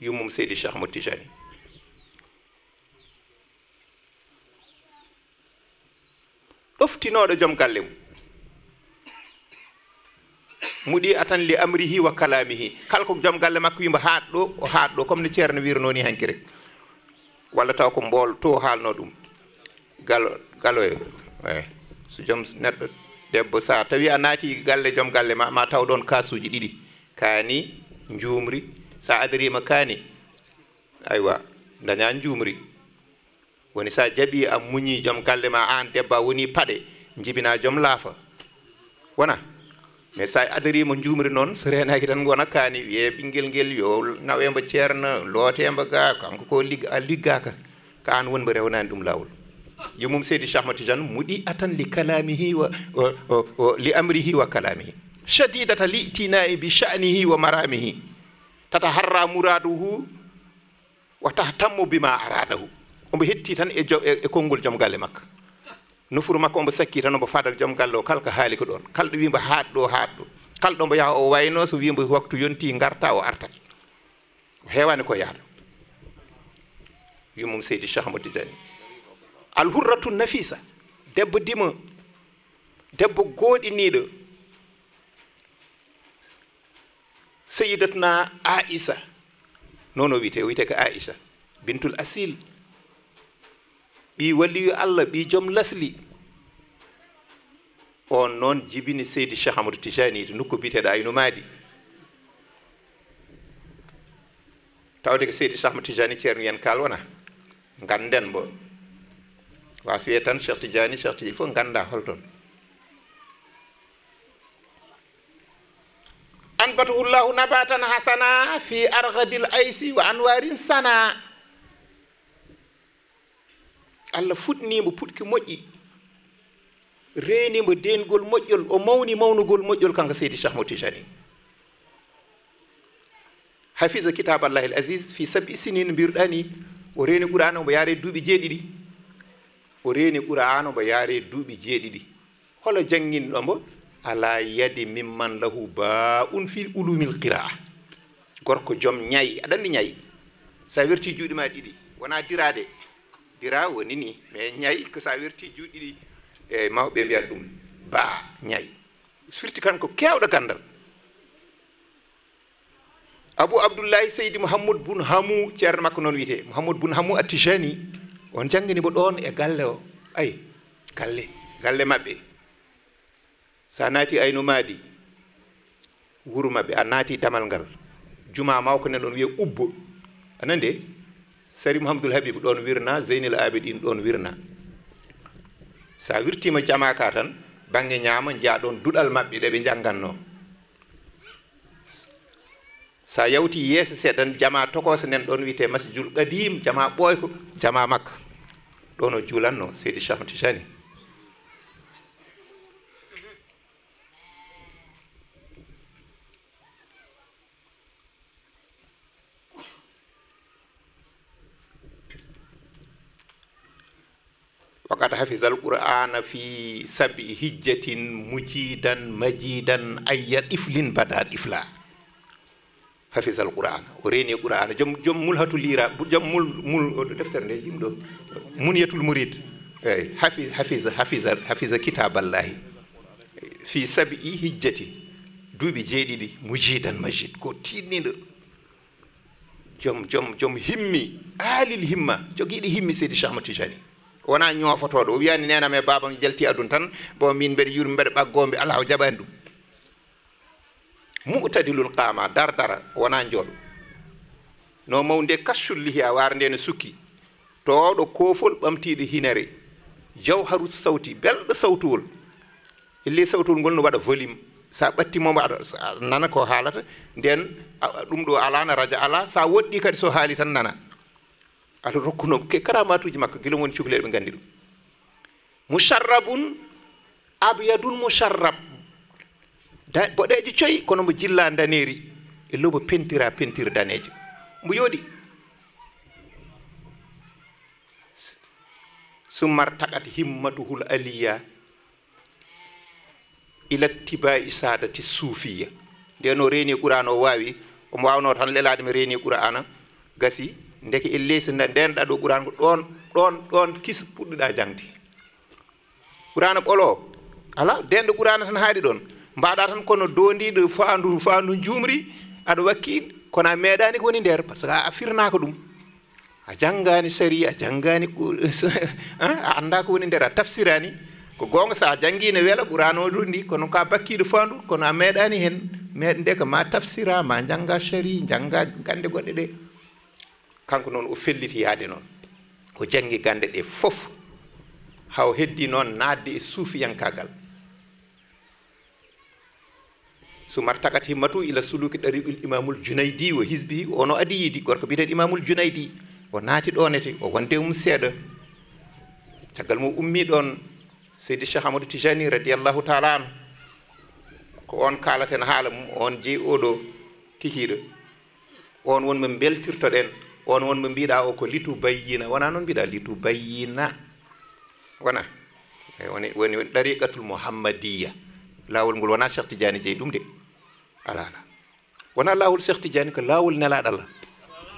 يوم سيدي شيخ متجاني ɗoftinooɗo jom galle mum muɗi atan li amrihi wa kalamihi kala ko jom galle makko wiimo haat ɗo o haat ɗo comme no ceerno wirno ni hankki rek walla taw ko mbool to haalno ɗum galo galoyo e, ey so jom neɗɗo debbo sa tawi a naati galle jom galle ma ma taw ɗon kasuji ɗiɗi kaani njuumri sa adarima kaani aywa dañan njuumri woni sa jaɓi a muñi joom galle ma an debba woni paɗe jibina joom laafa wona mais sa adarima jumri noon so renaki tan gona kani wiye ɓinguel ngel yo nawembo ceerno lootembo ga kanko ko ligga a liggaka ka an wonmo rewnani ɗum lawol yumum seydi chahmati jeane muɗi atan li kalamihi wa o li amrihi wa kalamihi shadidata litinae bi chanihi wa maramihi tata harra muradohu wa tahtammu bima aradahu omo hetti tan e, e e konngol jom galle makko nofuru makko omo sakki tan omo fadat jom galle o kala ko haali ko ɗon kala ɗo wimbo haat ɗo haat ɗo kala ɗo mbo yaha o wayno so wimbo waktu yonti garta o artat o heewani ko yahata wimum seydi chahmo dijani alhurratu nafisa debbo dima debbo gooɗiniiɗo seyidatna aisa noon o wiyete o wiyete ko aicha bintul asile ɓi walliyu allah ɓi joom lasli on noon jibini seydi cheikh amadou tijani to nokku biteɗa ino maadi tawde ko seydi cheikh amadou tijani ceerno yen kal wona ganden mbo was wiye tan cheikh tijani cheikh tijani fof ganda holton an batuhullahu nabatan hasana fi arghadil aysi wa anwarin sanaa allah fuɗnimo putki moƴƴi renimo dengol moƴƴol o mawni mawnugol moƴƴol kanko seydi chahmo tijani hafisa kitabe allah l asis fi sabi sinin mbirɗani o reni qurana omo yaare duuɓi jeeɗiɗi o reni qurana omo yaare duuɓi jeeɗiɗi hola jangginɗomo ala yadi mimman lahu baun fi ulumil qira gorko joom ñayi aɗa andi ñayi sa werti juuɗima ɗiɗi wona dirade dira woni ni me ñayi ko sa werti juudi di e eh, mawbe mbiyata dum ba ñayi surti kan ko kewda gandal abu abdullahi Muhammad muhammad Hamu hamu ceerno makko non wite muhammad bun hamu attijani on janggini bo don e eh, galle o ayi galle galle mabbe sanati aynu madi wuru mabbe anati damal ngal juma mawko ne don wiye ubbo anande sarim hamdoul habib ɗon wirna zeynil abidine ɗon wirna sa wirtima jamaka tan bangge ñama jaɗon duɗal mabɓe ɗeɓe jangganno sa yawti yeese seeɗan jama tokose nden ɗon wiyete masjoul qadim jama ɓoyko jama makka ɗono julanno seydi chahmatijani waqad hafiza alqur'ana fi sabi hijjatin mujidan majidan ayya iflin bada ifla hafiza alqur'ana o reeni qur'ana jom jom mul hatu lira jom mul mul defter nde jim do munyatul murid eyi hafiz hafiz hafiza hafiza kitaballahi fi sabi hijjatin duuɓi jeeɗiɗi mujidan majid ko tinniɗo jom jom jom himmi aalil himma jogiiɗi himmi seydi chahma tijani wona ñofotoɗo o wiyani nenam e babam jalti e adun tan bon min mbeɗa yurmi mbeɗa ɓaggombe ala o jaɓani ɗum mutadilul qama dardara wona jool no mawnde kaccul lihiya warnde no sukki towɗo kofol ɓamtiɗe hinere jawharu sawti belɗo sawtuwol elli sawtuwol ngol no waɗa volume sa ɓattimomo aɗa nana ko haalata nden ɗum ɗo ala na radio ala sa woɗɗi kadi so haali tan nana aɗa rokkunoo ke karamatuji makko gila woni cukaleɗe ɓe nganndi ɗum musarrabun abyadun musarrab boɗeejo coyi kono mbo jilla daneeri e lobo pentira pentir daneejo mbo yooɗi summar taqat himmatuhul aliya ila tibai sadati suufiya ndeno reeni e qouran o waawi omo waawno tan lelaade mi reeni e qour'ana gasi deke e leysi nda ndenɗa ɗo qouran ko ɗon ɗon ɗon kis puɗɗiɗa jangdi qurana ɓolo ala ndenɗo qurana tan haaɗi ɗon mbaɗa tan kono dondiɗo fandu fandu jumri aɗa wakki kono a meeɗani kowoni nder par ce que a firnaka ɗum a janggani sari a janggani ah, a anda ko woni nder a tafsirani ko gonga sa jangine weela qurana o ndi kono ka bakkiɗo fandu kono a meeɗani hen meɗe nde ko ma tafsira ma jangga sari jangga gande goɗɗe ɗe kanko noon o felliti yaade noon o janngi gannde ɗe fof haw heddi noon naatde e suufiyankaagal sumar tagat himmatu ila suluki ɗariɓil imamul junaydi o hisbi ono adiyidi gorko mbiyeteɗe imamul junaydi o naati ɗonete o wonde mum seeɗa caggal mum ummi ɗon seydi cheikh hamadou tijani radiallahu taala anu ko on kaalaten haala mum on jeyi oɗo kikiiɗo on wonmo beltirto ɗen on won mo mbiɗa o ko litu bayyina wona noon mbiɗa litu bayyina wona e woni dariqatul mouhammadiya lawol ngol wona cheikh tidiani jeeyi ɗum de ala ala wona lawol cheikh tidiani ko lawol nelaɗalla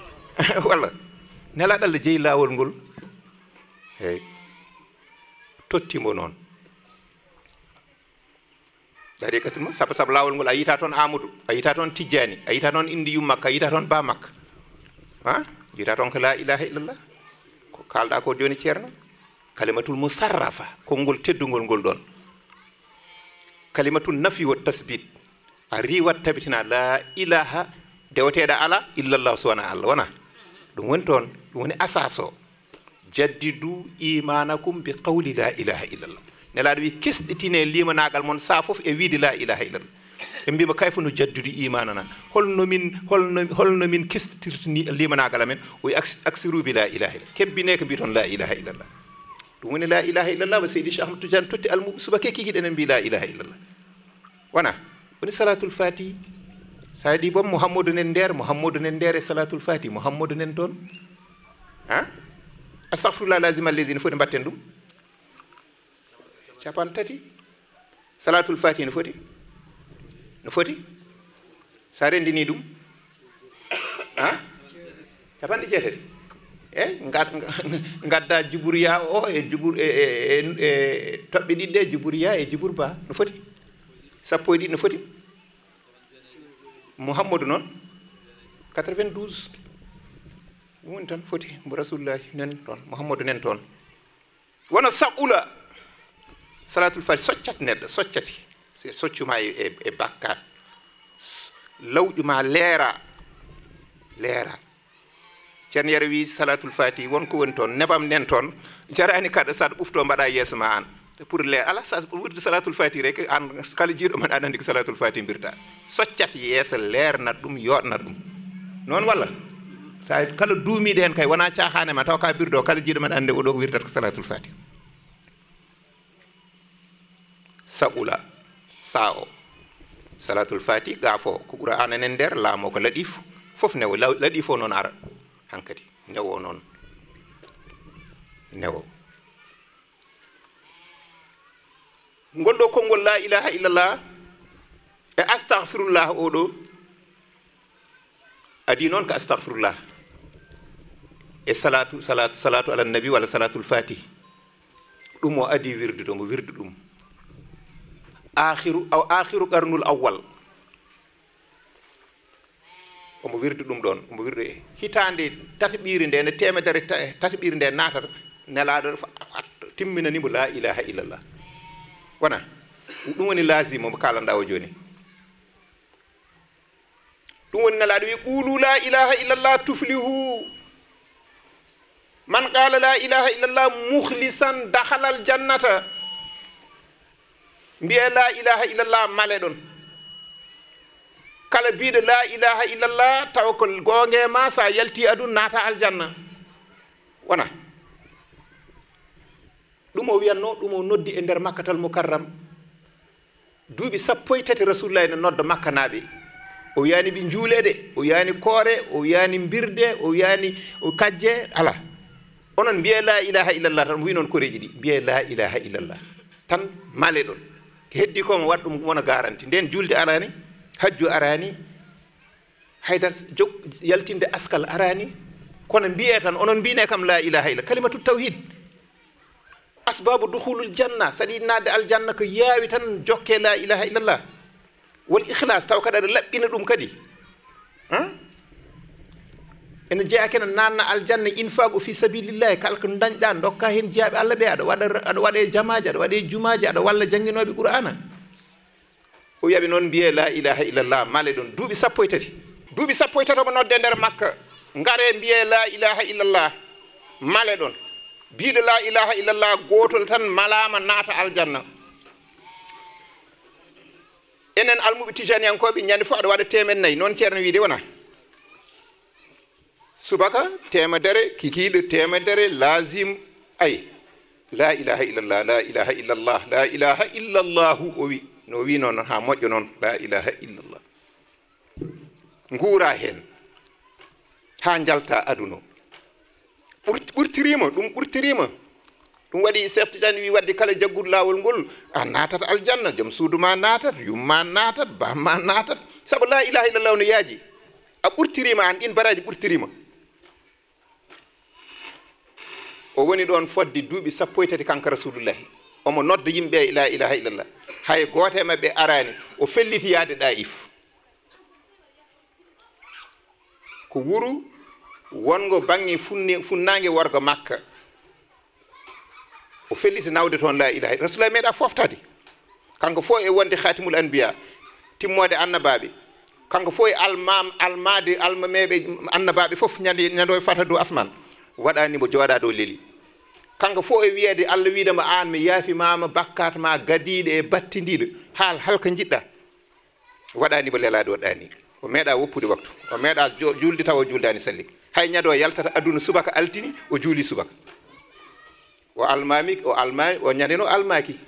walla nelaɗalla jeeyi lawol ngol eyi tottimo noon dariqatul mo saabu saabu lawol ngol a yita toon amadou a yita toon tidiani a yita toon indi yummakka a yita toon ba makka han ah? mbiyata toon ko la ilaha illallah ko kalɗa ko joni ceerno kalimatul musarrafa konngol teddugol ngol ɗon kalimatul nafi wa tasbit a riwat tabitina la ilaha dewateɗa ala illallah subhana allah wona ɗum woni toon ɗum woni asaso jaddidu imanakum bi qawli la ilaha illallah nelaɗo wi kesɗitine limanagal mon sa foof e wiide la ilaha illallah en mbima kayfano jaddude imana na holno min holno holno min kestitirtini limanagal amen o aksirubi la ilaha illah kebbine ko mbiton la ilaha illallah ɗum woni la ilaha illallah wa seydi cheikh ahmadou tidiane totti almuɓe suba kekikiɗen en mbi la ilaha illallah wona woni salatul fati sa ɗi bom mouhammadou nen nder mouhammadou nen nder e salatul fati mouhammadou nen toon a astahfirullah lazim allésine foti mbatten ɗum capan tati salatul fati ne foti no foti sa renndini ɗum han eh jeetati ngad gadda juburiya o e jubur e di e, e, e, ɗiɗɗe juburiya e jubur ba no foti sappo e ɗiɗi no foti mouhammadou non 92 ɗum tan foti bu rasulullah nen ton mouhammadou nen ton wana saqula salatul fajr soccat ned soccati si soccuma e, e, e bakkat lawƴuma leera leera ceerno yere wi salatul fati wonko woni toon nebam nen toon jarani kada sa ɓufto mbaɗa yeeso ma an pour leer ala sa wurde salatul fati rek an kala jiiɗo man aɗa andi ko salatul fati mbirta soccat yeeso leernat ɗum yoɗnat ɗum noon walla sa kala duumiɗe hen kay wona cahane ma taw ka birdo kala jiiɗo man ande oɗo ko wirdat ko salatul fati saɓula saa o salatul fati gaafo ko qura an enen nder laamo ko laɗif fof newo laɗif o noon ara hankadi newo noon newo gonɗo konngol la ilaha illallah e astahfirullah oɗo adi noon ko astahfirullah e salatu salatu salatu alannabi walla salatul fatih ɗum o adi wirde ɗo mo wirde ɗum akhiru aw akhiru qarnul awwal omo wirdi ɗum ɗon omo wirdi e hitande tataɓiri nde ne temedere tataɓiri nde natata nelaɗo timminanimo la ilaha illallah wona ɗum woni lasima mo kalanɗa o joni ɗum woni nelaɗo wi qulu la ilaha illallah tuflihu man qala la ilaha illallah muhlisan dahalal jannata mbiye la ilaha illallah male ɗon kala biɗo la ilaha illallah tawa ko gonge ma sa yalti adun nata aljanna wona ɗum o wiyanno ɗum o noddi e nder makkatal mukarram duuɓi sappo e tati rasulullah ne nodda makka naaɓe o wiyani ɓe juulede o wiyani koore o wiyani mbirde o wiyani kajje ala onon mbiye la ilaha illallah tan wi noon koreji ɗi mbiye la ilaha illallah tan male ɗon heddi ko mo waɗ ɗum wona garanti nden julde arani hajju arani haydar jog yaltinde askal arani kono mbiye tan onon mbine kam la ilaha illa kalimatu tawhid asbabu duhulul janna saɗi nadde aljanna ko yaawi tan jokke la ilaha illallah wol ihlas taw kadi aɗa laɓɓina ɗum kadi hmm? ene jeeya kene nanna aljanna infagu fi sabilillahi kala ko dañɗa dokka hen jeeyaɓe allah ɓe aɗa waɗa aɗa waɗa e jamaji aɗa waɗa e jumaji aɗa walla jangguinoɓe qur'ana o wiyaɓe noon mbiye la ilaha illallah male ɗon duuɓi sappo e tati duuɓi sappo e tati omo nodde nder makka gare mbiye la ilaha illallah male ɗon biɗo la ilaha illallah gotol tan malama naata aljanna enen almuɓe tijaniyankoɓe ñande fof aɗa waɗa temen nayyi noon ceerno wiide wona subaka temedere kikiɗo temedere lasim ayi la ilaha illallah la ilaha illallah la ilaha illallahu o wi no wi noon ha moƴƴo noon la ilaha illallah guura hen ha jalta aduna ɓurtirima ɗum ɓurtirima ɗum waɗi sert tan wi wadde kala jaggude lawol ngol a natat aljanna joom suudu ma natat yumma natat bamma natat saabu la ilaha illallah no yaaji a ɓurtirima an ɗin baraji ɓurtirima o woni ɗon fodde duuɓi sappo e tati kanka rasulullahi omo nodda yimɓe e la ilaha illallah hay goote maɓɓe arani o felliti yaade ɗaif ko wuro wongo bangge funne funnange worgo makka o felliti nawde toon la ilaha rasulullahi meeɗa foftade kanko fo e wonde khatimul anbiya timmode annabaɓe kanko fo e almam almade almameɓe annabaɓe foof ñande ñandoe fata dow asman waɗanimo jooɗa dow leli kanko fof e wiyeede allah wiidema aan mi yaafimama bakkat ma gadiiɗo e battidiiɗo haal halko jiɗɗa waɗani ba lelade waɗani o meeɗa woppude waktu o meeɗa julde taw o juldani salli hay ñado yaltata aduna subaka altini o juuli subaka o almami o almani o ñandeno almaki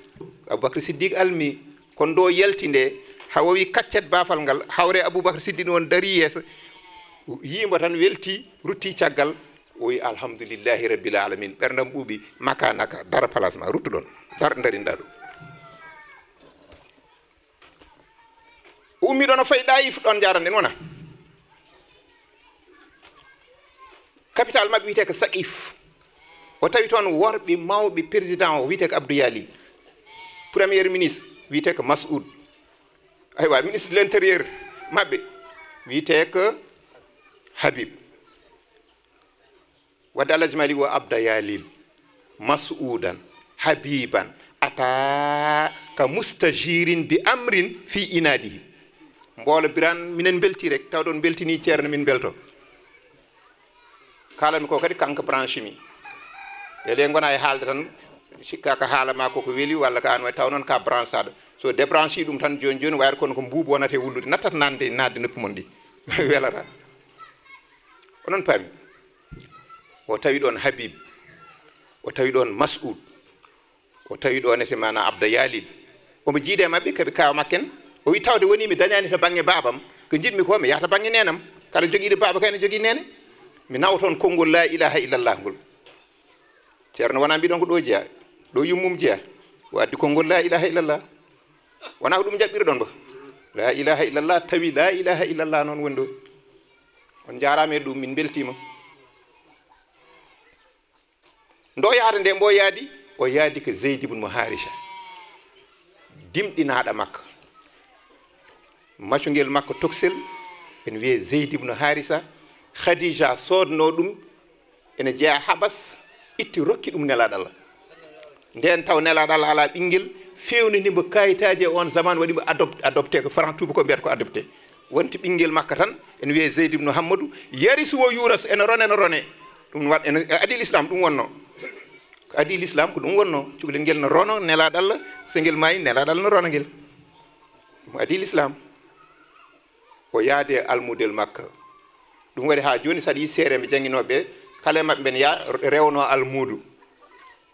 aboubacry siddiqe almi kono ndo yalti nde hawowi kaccat baafal ngal hawre aboubacry siddi ɗi won daari yeesa yiimo tan welti rutti caggal o wi alhamdoulillahi rabbil alamin ɓerdam ɓuuɓi maka naka dara place ma ruttu ɗon dar darinɗa ɗum ummiɗo no fayi ɗayif ɗon jarande wona capital mabɓe wiyete ko sakif o tawi toon worɓe mawɓe président o wiyete ko abdou yalil premier ministre wiyete ko masoud aywa ministre de l' intérieur mabɓe wiyete ko habib wadde alhaji maali wo abda yalil masudan habiban ata ka mustajirin bi amrin fi inadihim mboolo biran minen belti rek taw ɗon beltini ceerno min belto kalami ko kadi kanko branche mi ele gona e haalde tan sikkaka haalama koko weeli walla ka an way taw noon ka branche aɗo so débranche ɗum tan joni joni wayata kono ko mbuubo wonate wullude nattat nande nadde noppi mon ɗi welata onon paami o tawi ɗon habib o tawi ɗon masud o tawi ɗonete mana abda yalid omo jiide e mabɓe kaɓe kawa makken o wi tawde woni mi dañani to bange babam ko jiɗmi ko mi yahata bange nenam kala joguiɗo baba kayne jogui nene mi naw toon konngol la ilaha illallah ngol ceerno wona mbiɗon ko ɗo jeeya ɗo yummum jeeya o addi konngol la ilaha illallah wona ko ɗum jaɓɓir ɗon ba la ilaha illallah tawi la ilaha illallah noon woni ɗo on jarama e ɗum min beltima ndo yahata nde mbo yaadi o yaadi ko zeydi bun mo haarisa dimɗinaaɗo makko maccungel makko toxel ene wiye zeydi bun haarisa khadija soodno ɗum ene jeeya habas itti rokki ɗum nelaaɗo allah nden taw nelaaɗo allah alaa ɓinngel fewnidimo kayitaji e on zaman waɗimo adopté ko faran tuba ko mbiyata ko adopté wonti ɓinguel makka tan ene wiye zeydi ibnu hammadou yari suwo yuras ene rone ene rone ɗum waɗ ene adil islam ɗum wonno adi l'islam ko ɗum wonno cukalel ngel no rono nelaɗo allah so ngel mayi nelaɗo allah no rono ngel ɗum adi l'islam o yaade almudel makka ɗum waɗi ha joni saɗa yi seere mɓe jangguinoɓe kala e mabɓe ɓen ya rewno almudu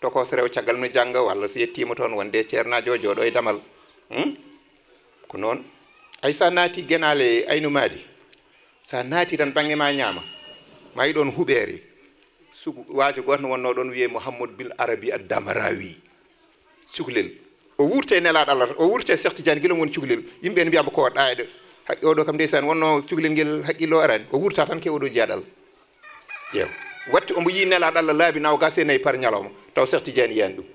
tokoso rew caggal mno janga walla so yettima toon wonde ceernajo jooɗo e damal hmm? ko noon ay sa naati guenale aynu maadi sa naati tan bangge ma ñaama mayi ɗon huɓeere sugu waajo gorno wonno ɗon wiye mouhammadou bil arabi a damarawi cuklel o wurte nelaɗo allata o wurte sehti diane guila woni cuklel yimɓe ne mbiyamba ko ɗaɗo e haqqi oɗo kam ndeysan wonno cuklel ngel haqqille o arani o wurta tan ke oɗo jeeɗal ƴew watti omo yi nelaɗo allah laabi nawa gase nayyi par ñalawma taw sehti diane yiyani ɗum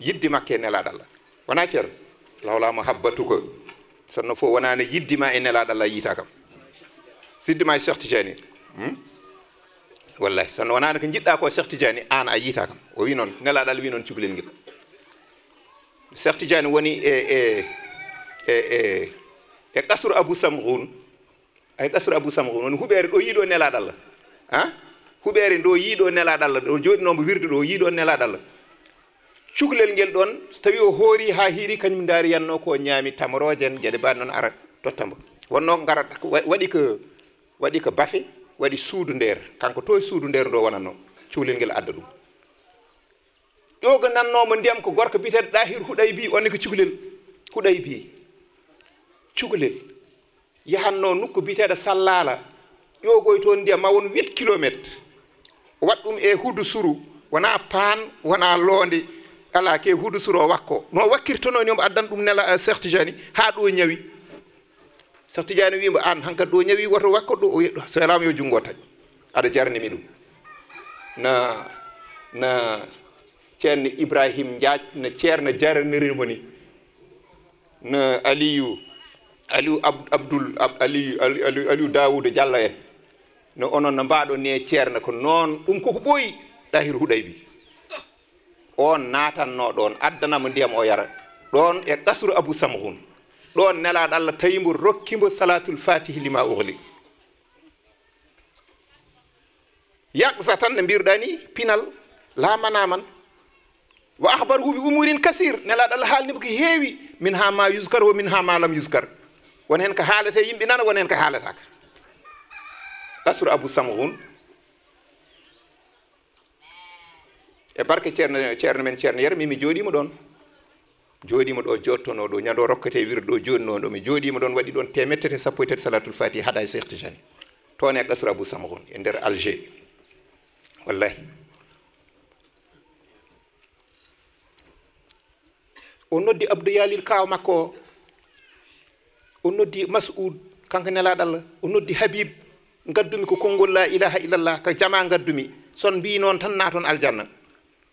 yiddi makke nelaɗo allah wona ceer lawlama habbatuko sonno fof wonano yiddima e nelaɗo allah yiita kam siddima e sehti diane hmm? wallahi tan wonano ko jiɗɗa ko cheikh tidiani an a yiita kam o wi noon nelaɗal wi noon cukalel ngel cheikh tidiani woni e e e e e kasru abou samrun ay kasru abou samrun woni huɓere ɗo yiiɗo nelaɗal la a ah? huɓere ndo yiiɗo nelaɗal la o joɗinomo wirde ɗo yiiɗo nelaɗal la cukalel ngel ɗon so tawi o hoori ha hiiri kañum daari yanno ko ñaami tamorojen gueɗe mbani noon ara totta mbo wonno garat waɗi ko waɗi ko baafe waɗi suudu nder kanko to e suudu nder ndo wonatno cuhlel ngel adda ɗum ƴoga nannomo ndiyam ko gorko mbiteɗo ɗahir huɗay bi onne ko cukalel huɗay bi cukalel yahanno nokku mbiteɗo sallala ƴogoy e toon ndiyam ma won huit kilométre wat ɗum e hudu suru wona paan wona loonde ala ke hudu suru o wakko no wakkirtono ni omo addana ɗum nela eh, certijani ha ɗo ñawi so tidiani wimo an hankkadi ɗo ñawi woto wakka ɗo so welama yo junggo tañ aɗa jarnimi ɗum na na ceerno ibrahim diaj na ceerno jaranirimo ni na aliyu aliyu abdul aliyu aliyu aliyu dawoudou diallo en no onon no mbaɗo ne ceerno ko noon ɗum koko ɓooyi ɗahir huɗay bi on natanno ɗon addanamo ndiyam o yara ɗon e kasru abou samhoune ɗon nelaɗo allah tawimo rokkimo salatul fatihi lima ohli yaqsa tan no mbiruɗa ni pinal lamanaman wa ahbar hu bi umurin kasir nelaɗo allah haalnimo ko heewi min ha ma yuskar wo min ha ma lam yuskar won hen ko haalate yimɓe nana won hen ko haalataka asur abou samhun e barke ceerno ceerno men ceerno yera mimi jooɗima ɗon joɗima ɗo jottono ɗo ñando rokkete e wiro ɗo joni noon ɗo mi joɗima ɗon waɗi ɗon temettete sappo e tati salatul fati haɗa e cheikhti jani toon e gasra abou samaron e nder alger wallay o noddi abdou yalil kaw makko o o noddi masoud kanko nelaɗal o noddi habib gaddumi ko konngol la ilaha illallah ko jama gaddumi son mbi noon tan na toon aljanna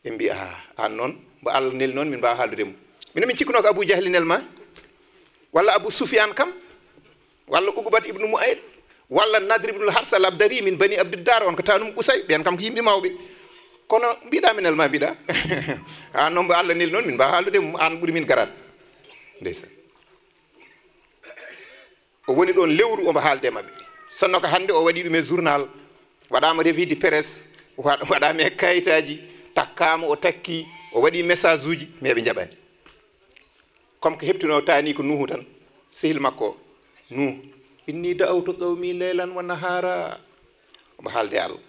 ɓe mbi a an noon mbo allah nel noon min mbawa haaldudemo minen min cikkano ko abou jahlinel ma walla abou soufiane kam walla ugubat ibnu mouayd walla nadre ibnul harsa labdari min bani abdiddar on ko tanum ɓusay ɓen kam ko yimɓe mawɓe kono mbiɗa minel ma mbiɗa ha nombo allah nel noon min mbawa haaldude an ɓuuri min garat ndeysa o woni ɗon lewru omo haalde e maɓɓe sonno ko hannde o waɗi ɗum e journal waɗama revie de presse waɗama e kayitaji takkama o takki o waɗi message uji maɓe jaɓani comme que heɓtino taani ko nuhu tan sehil makko o nuhu inni da'awtu qawmi leylan wa nahara omo haalde allah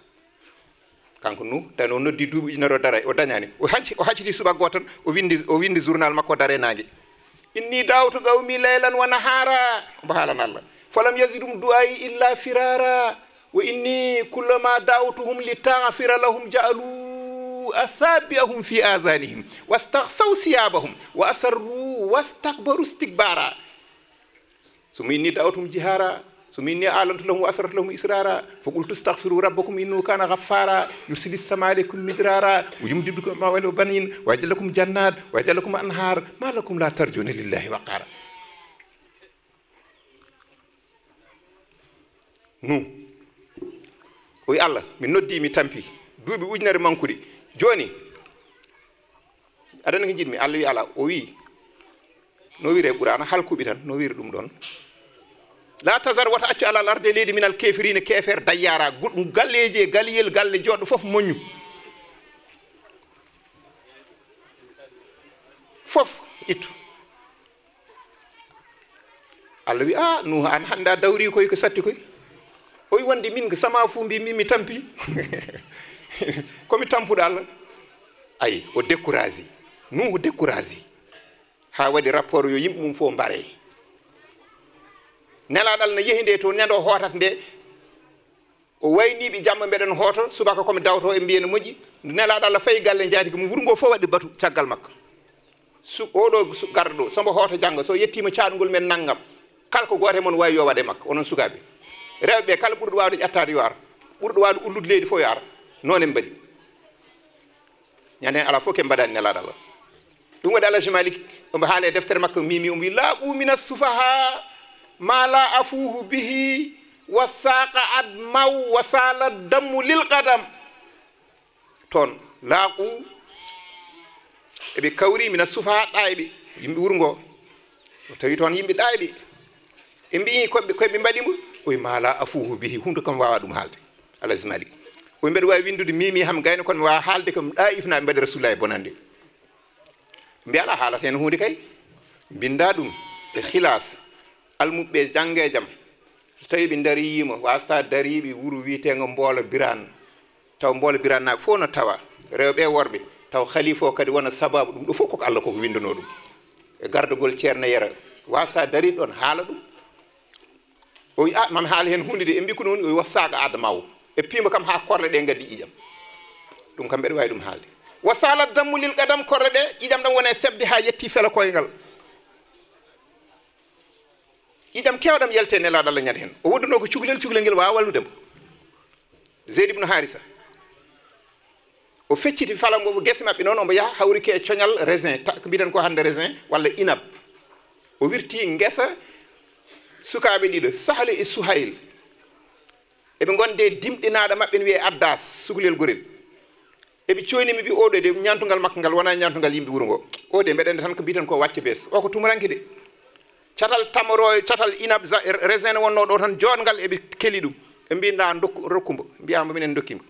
kanko nuhu dani o noddi duuɓi ɗinaro daray o dañani o o hacciti suba goo tan o windi o windi journal makko dare nage inni da'awtu qawmi leylan wa nahara omo haalan allah falam yasidum du'ayi illa firara wa inni kullama da'awtuhum litaghfira lahum ja'aluu أصابعهم في آذانهم واستغصوا ثيابهم وأسروا واستكبروا استكبارا سميني دعوتهم جهارا سميني أعلنت لهم وأسرت لهم إسرارا فقلت استغفروا ربكم إنه كان غفارا يرسل السماء عليكم مدرارا ويمددكم أموال وبنين ويجعل لكم جنات ويجعل لكم أنهار ما لكم لا ترجون لله وقارا نو وي الله من نودي مي تامبي دوبي وجنري مانكودي joni aɗana ko jiɗmi allah wi ala o wi no wiire qurana halkuɓi tan no wiri ɗum ɗon la tasar wata accu alal arde leydi minal kefirine kefere dayyara galleji e galliyel galle joɗɗo foof moñu fof ittu allah wi a nuh an hannde a dawri koy ko satti koy o wi wonde min ko sama fu mbi min mi tampi komi tampuɗo allah ayi o découragé nun o découragé ha waɗi rapport yo yimɓe mum fof mbare nelaɗal ne yehi nde to ñando hootata nde o wayniɓe jamma mbeɗen hooto subaka komi dawto e mbiyene moƴƴi nelaɗal a fayi galle jaati ko mo wuurngo fof waɗi batu caggal makko su oɗo garɗo ɗo sombo hooto janga so yettima caɗugol men naggam kala ko goote moon wawi yo waɗe makko onon sukaɓe rewɓe kala ɓurɗo wawde ƴettade yo ar ɓurɗo wawde ullude leydi fof yo ara noon en mbaɗi ñanden ala fof ke mbaɗani nelaɗa la ɗum waɗi alhaji malik omo haala e deftere makko mimi omo wi la ɓumina sufaha ma la afuhu bihi wa saqa ad maw wa sala dammu lil qadam toon laaqu eɓe kawri mina sufaha ɗayɓe yimɓe wuro ngo o tawi toon yimɓe ɗayɓe ɓe mbi koɓe koɓe mbaɗimo oy ma la afuhu bihi hunde kam wawa ɗum haalde alhaji malik ومبد واي ويندود ميمي هم غاين كون واي حال ديكم ايفنا مبد رسول الله بوناندي بيالا حالتين هودي كاي بندادون خلاف المبي جانغي جام تاي بنداري يما واستا داري بي وورو ويتي نغ مبول بيران تاو مبول بيران ناك فونا تاوا ريو بي وربي تاو خليفو كد وانا سباب دم دو فوكوك الله كوك ويندو نودو غارد غول تيرنا يرا واستا داري دون حالدو وي ا مام حال هين هوندي امبي كونون وي وساغ ادماو e piima kam haa korle ɗe ngaddi ƴiƴam ɗum kamɓe ɗe waawi ɗum haalde wa salat dammulil qadam korle ɗe ƴiƴam ɗam woni e sebde haa yetti fela koyngal ƴiƴam kewɗam yelte nelaaɗo allah ñade heen o wodduno ko cukalel cukalel ngel waawa wallude mo zeyd ibnu harisa o fecciti fala mbo gese maɓɓe noon omo yaha hawri ke e coñal raisin ko mbiɗen ko hannde raisin walla inab o wirti ngesa sukaaɓe ɗiɗo sahla e suhayl eɓe gonde dimɗinaɗo mabɓe ne wiye addas suklel gorel eɓe coyni mi wi o ɗo de ñantugal makko ngal wona ñantugal yimɓe wuuro ngo o de mbeɗende tan ko mbitan ko wacce bes o ko tumuranke de catal tamoro catal inab eh, resin ne wonno ɗo tan jongal eɓe keli ɗum ɓe mbinda dokku rokkumba mbiyamba minen dokkimba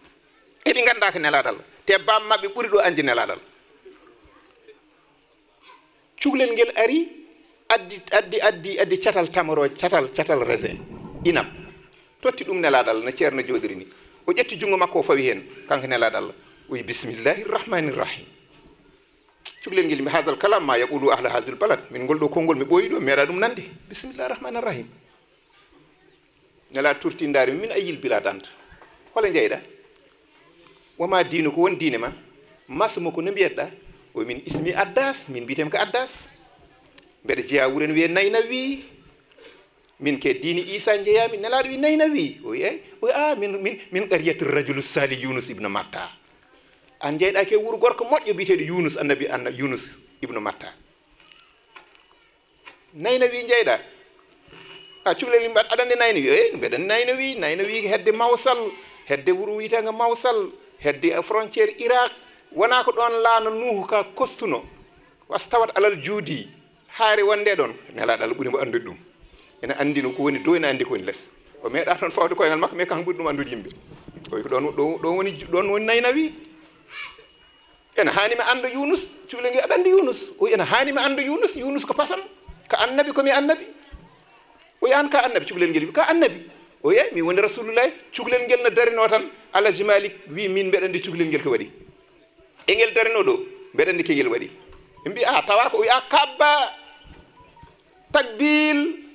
eɓe ganda ko neladal te bam mabɓe ɓuuri ɗo anji neladal cuklel ngel ari addi addi addi addi catal tamoro catal catal resin inab totti ɗum nelaɗo allah no ceerno jooɗiri ni o ƴetti junngo makko o fawi heen kanko nelaɗo allah oyi bisimillahi rrahmani rrahim cukalel ngel mi hasal kalam ma yaqulu ahla hasil balad min ngol ɗo konngol mi ɓooyi ɗo meeɗa ɗum nande bisimillahi rrahmani rrahim nelaɗo turtindaari min a yil bila dante hola njeyɗa woma diine ko won diine ma masmo ko no mbiyatɗa o min ismi addas min mbiteme ko addas mbeɗa jeeya wuren wiye nayna wii min ke dini isa jeeyami nelaɗo wi nayi nawi o ye eh. o a ah, min min min ar-rajul ya sali yunus ibn matta an jeyda ke wuuro gorko moƴƴo Yunus, yunus annabi anna yunus ibn matta nay nabi jeyɗa a ah, bat mbaɗ nay nabi e eh. be dan nay nabi nay nabi hedde mawsal hedde wuuro wiyetega mawsal hedde frontiere iraq wana ko don laana nuhu ka kostuno was tawat alal judi haari wonde don nelaɗo allah ɓuurimo andude ene anndi no ko woni dow ene anndi ko woni less o meeɗa toon fawde koyngal makko mais kan ɓuri ɗum anndude yimɓe oyi ko ɗon ɗon woni ɗon woni naynawi ene haani mi annda yunus cuule ngi aɗa anndi yunus oyi ene haani mi annda yunus yunus ko pasam ko annabi komi annabi oyi an ka annabi cuklel ngel wi ka annabi o yeyi e, min woni rasulullahi cuklel ngel no darino tan alhaji malik wi min mbeɗa anndi cuklel ngel ko waɗi e ngel darino ɗo mbeɗa anndi kengel waɗi ɓe mbi a tawa ko wiya kabba tagbil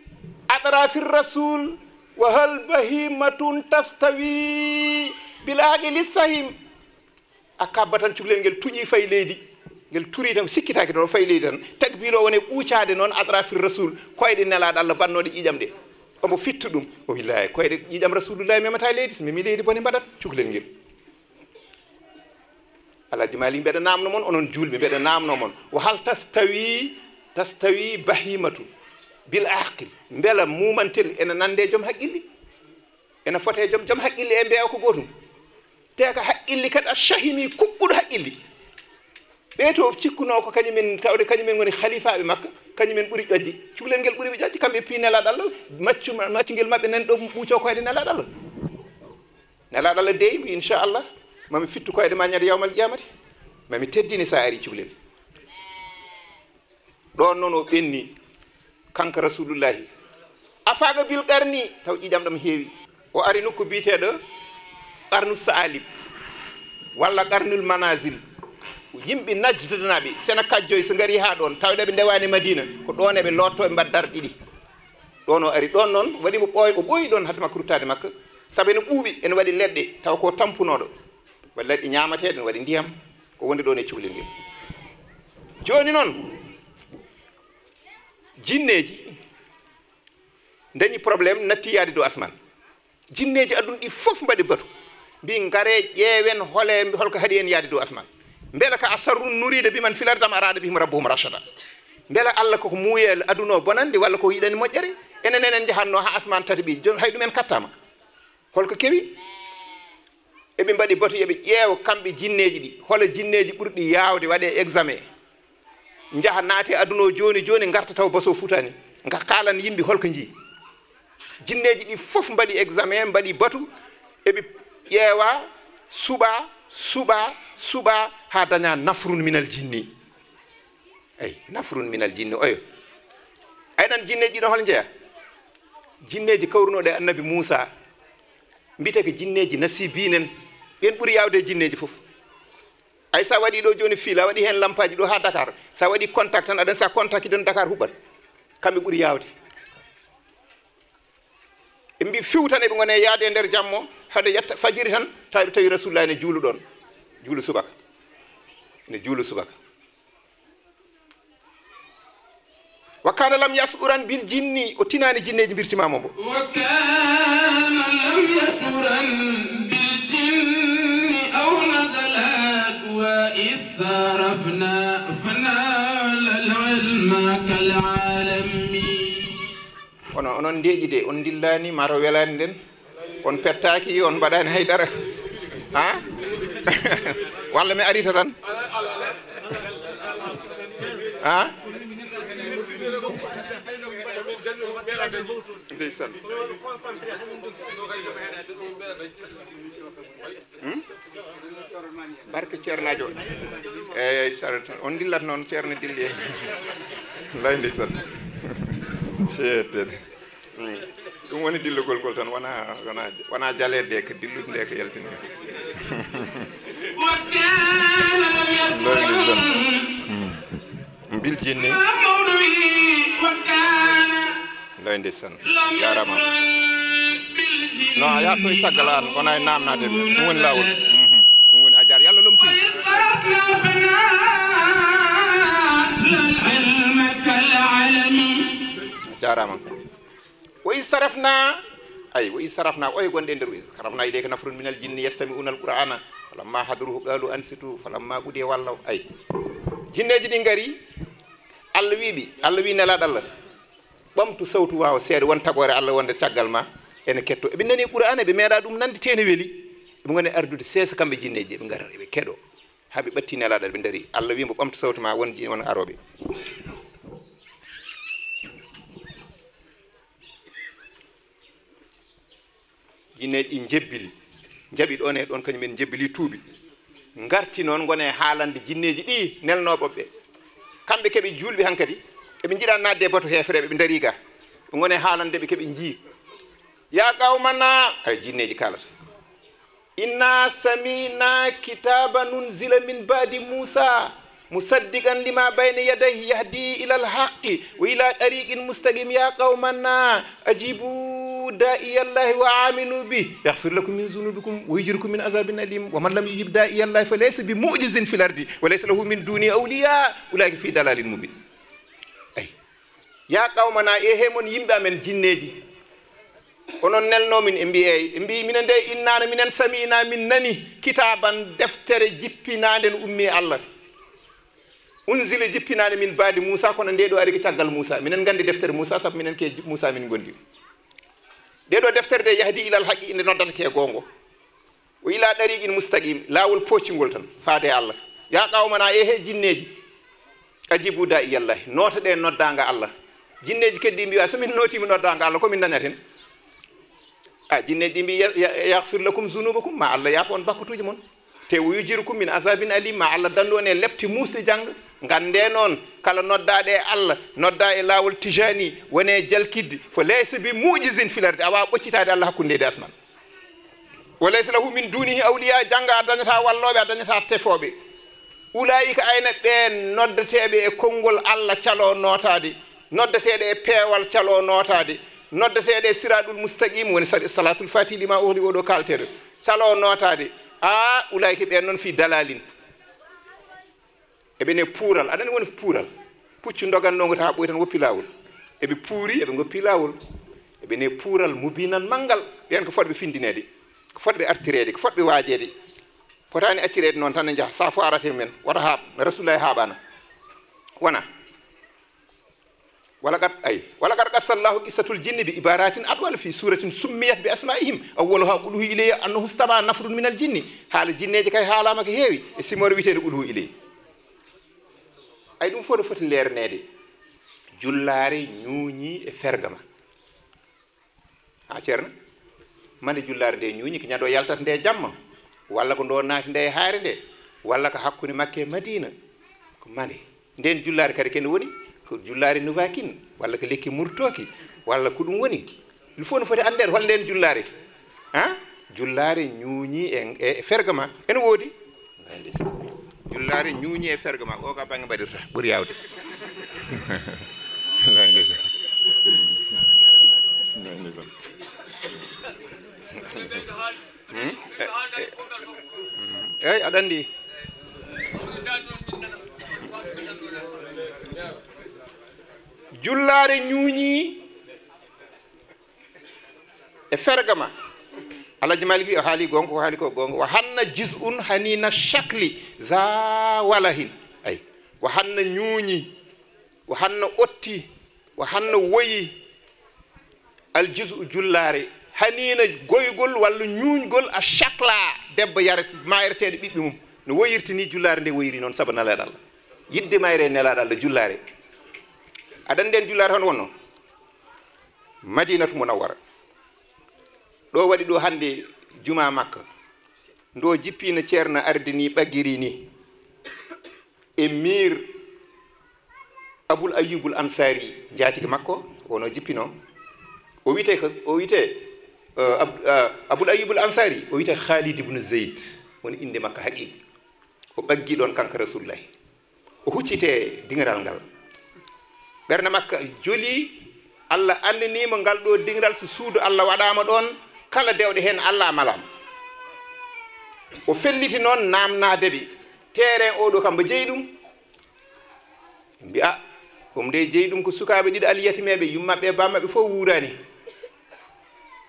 aɗara fil rasul wa hal bahimatun tastawi bilaaqi li sahim a kabba tan cukalel ngel tuƴi fay leydi ngel turi tan sikkitaki ton fay leydi tan tagbilo woni ɓuucaade noon aɗara fil rasul koyɗe nelaaɗo allah bannoɗe ƴiƴam ɗe omo fittu ɗum o wallahi koyɗe ƴiƴam rasulullahi memata leydi so memi leydi bone mbaɗat cukalel ngel alaji maali mbeɗa namno moon onon juulɓe mbeɗa namno moon wa hal tastawi tastawi bahimatun bil aqil mbela mumanteli ene nande e joom haqqilli ene fote e joom joom haqqilli e mbeewa ko gootum te ko haqqilli kadi a sahimi kuɓɓuɗo haqqilli ɓeeto cikkunoo ko kañumen tawde kañumen ngoni halifaaɓe makka kañumen ɓuri ƴoƴji cukalel ngel ɓuriɓe ƴoƴji kamɓe pi nelaaɗo allah maccu maccungel maɓɓe nani ɗo ɓuuco koyde nelaaɗo allah nelaaɗo allah deymi inchallah mami fittu koyde ma ñande yawmal ƴeamati mami teddini sa ari cukalel ɗon noon o ɓenni kanko rasulullahi afaga bilqarni taw ƴiƴam ɗam heewi o ari nokku biyeteɗo qarnu salib walla qarnul manasil yimɓe najdanaɓe sena kajjoy so gari ha ɗon tawɗeɓe ndewani madina ko ɗon eɓe lotto e mbad dar ɗiɗi ɗon o ari ɗon noon waɗimo ɓooy o ɓooyi ɗon hade makko ruttade makko saabu ene ɓuuɓi ene waɗi leɗɗe taw ko tampunoɗo waɗi leɗɗe ñamateɗe ene waɗi ndiyam ko wonde ɗon e cuklel ngel joni noon jinneji dañi probléme natti yaade do asman jinneji adun di fof mbaɗi batu mbi gare ƴeewen hole holko haaɗi en yaade do asman beele ka asarru nuride biman filardam araɗa bihim rabbuhum rachada beele allah koko muuyel aduno bonande walla ko yiɗani moƴƴere enen enen jahanno ha asman tati ɓi joni hay ɗumen kattama holko kewi eɓe mbaɗi batu yoɓe ƴeewa kamɓe jinneji ɗi hola jinneji ɓurɗi yawde waɗe examen jaha naate aduna o joni joni garta taw baso futani ga kalan yimɓe holko jii jinneji ɗi fof mbaɗi examen mbaɗi batu eɓe ƴeewa suɓa suɓa suɓa ha daña nafrun minal jinni eyi nafrun minal jinni oyo aynan jinneji ɗo hol jeeya jinneji kawrunoɗe e annabi moussa mbite ko jinneji nasibinen ɓen ɓuuri yawde jinneji fof ay sa waɗi ɗo joni fil a waɗi hen lampaji ɗo ha dakar sa waɗi contact tan aɗan sa contact don dakar huɓat kamɓe ɓuuri yawde ɓe mbi few tan eɓe gone yaade e nder jammo haɗa yetta fajiri tan tawɓe tawi rasulullah ne juulu ɗon juulu subaka ne juulu subaka wakana lam yasuran bil jinni o tinani jinneji mbirtimamo mbo ثرفنا فنا العلم كالعالمين انا انا ديجي دي اون ديلاني مارو ويلان دين اون بيرتاكي اون بادان هيدر ها ولا مي اريت ران ها ديسان barke ke eyyi eh, eh, sar on dilat non ceerno dilli lay ndeysan seettede dum hmm. woni gol gol tan wona wona wana jaleede ko dillude dek ko mbil jinni lay ndeysan jarama non a yattoye caggal an wona e namnade ɗum jarama wa is sarafna ay wa is sarafna oye gonɗe e nder sarafna ileyka nafrun minal jinni yestami unal qur'ana falamma hadruhu qalu ansitu falamma ɓuudi e wallaw ay jinneji ɗi gaari allah wiɓe allah wi nelaɗo allah ɓamtu sawtu wawa seeɗa won tagore allah wonde caggal ma ene ketto eɓe nani qur'ana ɓe meeɗa ɗum nande teene weeli ɓe goni ardude seesa kamɓe jinneji ɗi ɓe gara eɓe keɗo haaɓe ɓatti nelaɗa ɓe daari allah wimo ɓamta sawtu ma won won aroɓe jinneji e ɗi jebbili jaaɓi ɗon e ɗon kañumen jebbili tuuɓi garti noon gone haalande jinneji ɗi nelnoɓoɓe ɓe kamɓe keɓe julɓe han kadi eɓe jiiɗa nadde boto hefreɓe ɓe daari ga ɓe gone haalande ɓe keɓe jii ya gawmana ay jinneji kalata إنا سمينا كتابا ننزل من بعد موسى مصدقا لما بين يديه يهدي إلى الحق وإلى طريق مستقيم يا قومنا أجيبوا داعي الله وآمنوا به يغفر لكم من ذنوبكم ويجركم من عذاب أليم ومن لم يجب داعي الله فليس بمعجز في الأرض وليس له من دونه أولياء أولئك في دلال مبين أي يا قومنا إيه من يمبا من جنيجي onon nelnomin e mbiyey e mbi minen nde innano minen samina min nani kitaban deftere jippinanden ummi e allah unzile jippinade min baadi moussa kono nde ɗo ari ko caggal moussa minen gandi deftere moussa saabu minen ke moussa min gondi nde ɗo deftere de yahdi ilal haqqi inde noddata ke gongo o ila ɗariguin moustaqim lawol poccigol tan faade allah ya qawmana e eh, he eh, jinneji ajibu da iyallahi nota ɗe noddaga allah jinneji keddi mbiwa somin notimi noddaga allah komin dañat hen a ah, jinne ɗi mbi yahfir lakum zunubakum ma allah yaafo on bakkutuji moon te wujirkum min azabin alim ma allah danndu on e lebti muusde jannga gannde noon kala noddaaɗe e allah nodda e laawol tijani woni e jalkidde fo laysa bi mujisin filarde a waawa ɓoccitaade allah hakkundede asman wo laysa lahu min duunihi awliya jannga a dañataa wallooɓe a dañataa tefooɓe ulayika ayna ɓe noddateeɓe e konngol allah caloo nootaade noddateeɗe e peewal caloo nootaade noddateeɗe siraɗul moustaqim woni salatul fati lima ohli oɗo kaltere salo notade a ulayki ɓen noon fi dalalin eɓene puural aɗani woni puural puccu dogannogo ta ɓoy tan woppi lawol eɓe puuri eɓe goppi lawol eɓene puural mubinal manngal ɓen ko fotɓe findinede ko fotɓe artirede ko fotɓe waajede fotani accirede noon tan ne jaha sa fo arate men wata haaɓ rasulullahi haaɓana wona walagat ay walagat gassallahu qissatul jinni bi ibaratin adwal fi suratin summiyat bi asmaihim awwaluha quluhu ilay annahu staba nafrun min aljinni haala jinneji kay haalama ko heewi e simor witede quluhu ilay ay ɗum fof no foti lernede jullare ñuñi e fergama ha ceerno mande jullare nde ñuñi ko ñado yaltata nde jamma walla ko ndo naati nde haare nde walla ko hakkude makke e madina ko mane nden jullare kadi kene woni ko jullaare nuwakino walla ko lekki murtoki walla ko ɗum woni il faut no foti anndede holnden jullaare han e, e, e jullaare ñuuñi e ferga ma ene woodi jullaare ñuuñi e ferga ma o ka bange mbaɗirta ɓuri yawde hmm? eh, eh, hmm. eh aɗa anndi jullaare ñuuñii e ferga ma alaji maliki o haali gonga ko haali ko gonga wa hanna jus un hanina chakli zawala hin ayi wa hanna ñuuñii wa hanna ottii wa hanna woyii aljus u jullaare hanina goygol walla ñuuñgol a chakla debbo yare mayreteeɗo ɓiɓɓe mum no woyirti ni jullaare nde woyiri noon saabu nalaaɗallah yidde mayre nelaaɗallah jullaare adan den jullare tan wonno madinatu munawwara ɗo waɗi ɗo hannde juma makka ndo jippino ceerno ardini ɓaggiri ni e mir aboul ayoubul ansari jaatigi makko wono jippino o wite o wite uh, aboul uh, ayoubul ansari o wite khalid ibnu zeyd woni inde makka haqiqi o ɓaggi ɗon kanko rasulllahi o huccite dingiral ngal ɓernde makka joli allah anndinimo ngal ɗo dingral so suudu allah waɗama ɗon kala dewɗe hen allah malam o felliti noon namnadeɓe terrain oɗo kam mbo jeeyi ɗum mbiya ɗum nde jeeyi ɗum ko sukaɓe ɗiɗo aliyatimeɓe yummaɓe bammaɓe fof wurani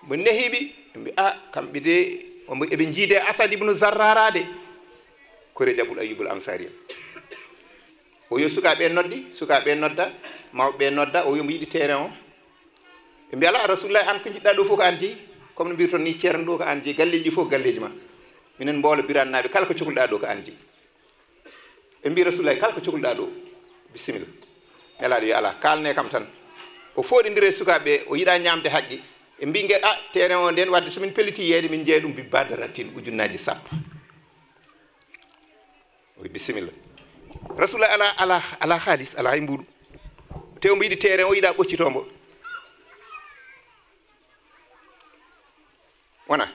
mo nehiɓe mbi a kamɓe de eɓe jiide asad ibnu zarrarade kore jaɓul ayubul ansari en o yo sukaɓe nodde sukaɓe nodda mawɓe nodda o wiimo yiɗi terrain o ɓe mbiyala rasulullah an ko jiɗɗa ɗo fof ko an jeeyi comme no mbiyton ni ceerno ɗo ko an jeeyi galleji ɗi fof galleji ma minen mboola biran naaɓe kala ko cohluɗa ɗo ko an jeeyi ɓe mbi rasulullah kala ko cohluɗa ɗo bisimilla nelaɗo yo ala kalne kam tan o foɗidiri e sukaɓe o yiɗa ñamde haqqi ɓe mbi ge a ah, terrain o nden wadde somin pelliti yeyde min jeeya ɗum bi badaratin ujunnaji sappo o wi bisimilla rasulullah ala ala ala haliss ala hay mbuɗum te mbo yiɗi terrain o yiɗa ɓoccitombo wona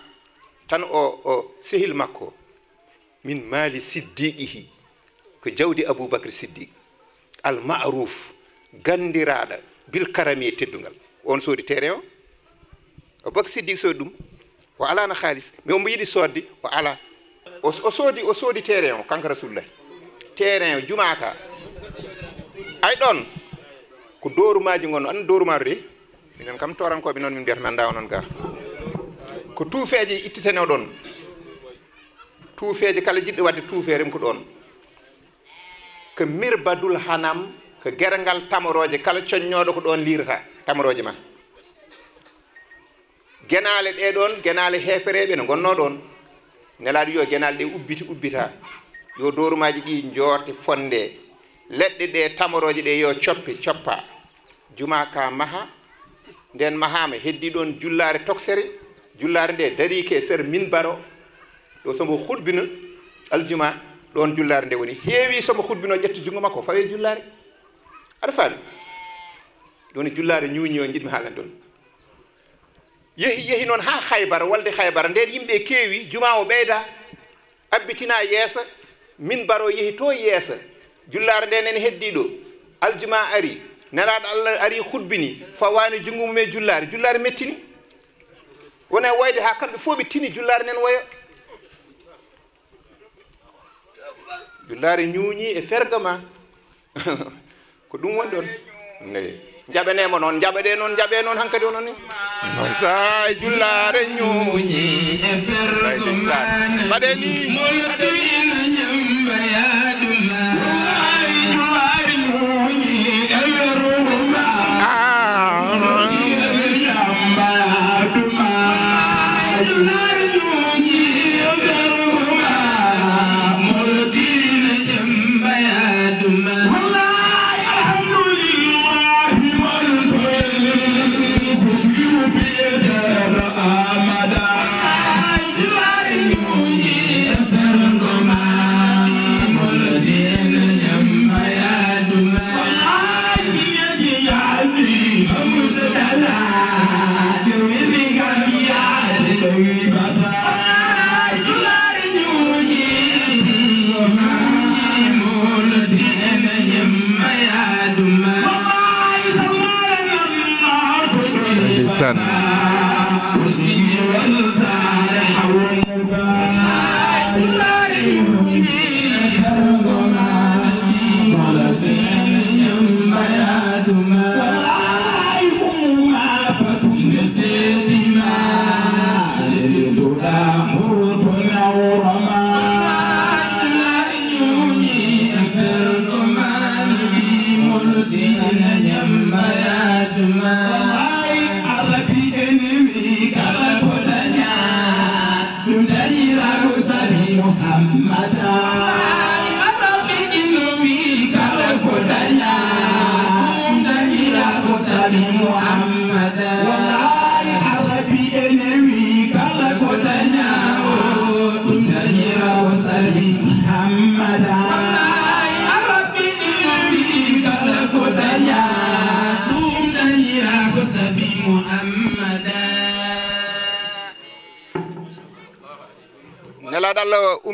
tan o o sehil makko min maali siddiqihi ko jawdi aboubacry siddiqe al maruf gandiraɗa bil karamie teddugal on soodi terrain o o bak siddiqe soodi ɗum o alano haaliss mais ombo yiɗi soodde o ala o soodi o soodi terrain o kanko rasoulullahi terrain o juma ka ay ɗon ko dorumaji gonno anda dorumaro de minen kam torankoɓe noon min mbiyata mi anda onon ga ko tuufeje ittitene ɗon tuufeje kala jiɗɗo wadde tuufere m ko ɗon ko mir badul hanam ko guerengal tamoroje kala coññoɗo ko ɗon lirata tamoroje ma guenale ɗe ɗon guenale hefereɓe ne gonno ɗon nelaɗo yo guenale ɗe ubbiti ubbita yo dorumaji ɗi jorte fonde leɗɗe ɗe tamoroje ɗe yo coppe coppa juma ka maha nden mahama heddi ɗon jullare toxere jullare nde darike ser min baro ɗo sombo huɗbino aljuma ɗon jullare nde woni heewi sombo huɗbino ƴetta junngo makko fawe jullare aɗa faami ɗoni jullare ñuuñi o jiɗmi haalan ɗon yehi yehi noon ha haybara walde haybara nden yimɓe keewi juma o ɓeyda abbitina yeesa min baro yehi to yeesa jullare nden en heddi ɗo aljuma ari nanaaɗo allah ari hutbini fawaani junngo mum e jullaare jullaare mettini wona e wayde haa kamɓe fof ɓe tini jullaare nan woya jullaare ñuuñii e ferga ma ko ɗum woni ɗon eyi jaɓaneemo noon jaɓaɗee noon jaɓee noon hankadi o noone saa jullaare ñuuñii e ferga maɓaɗeni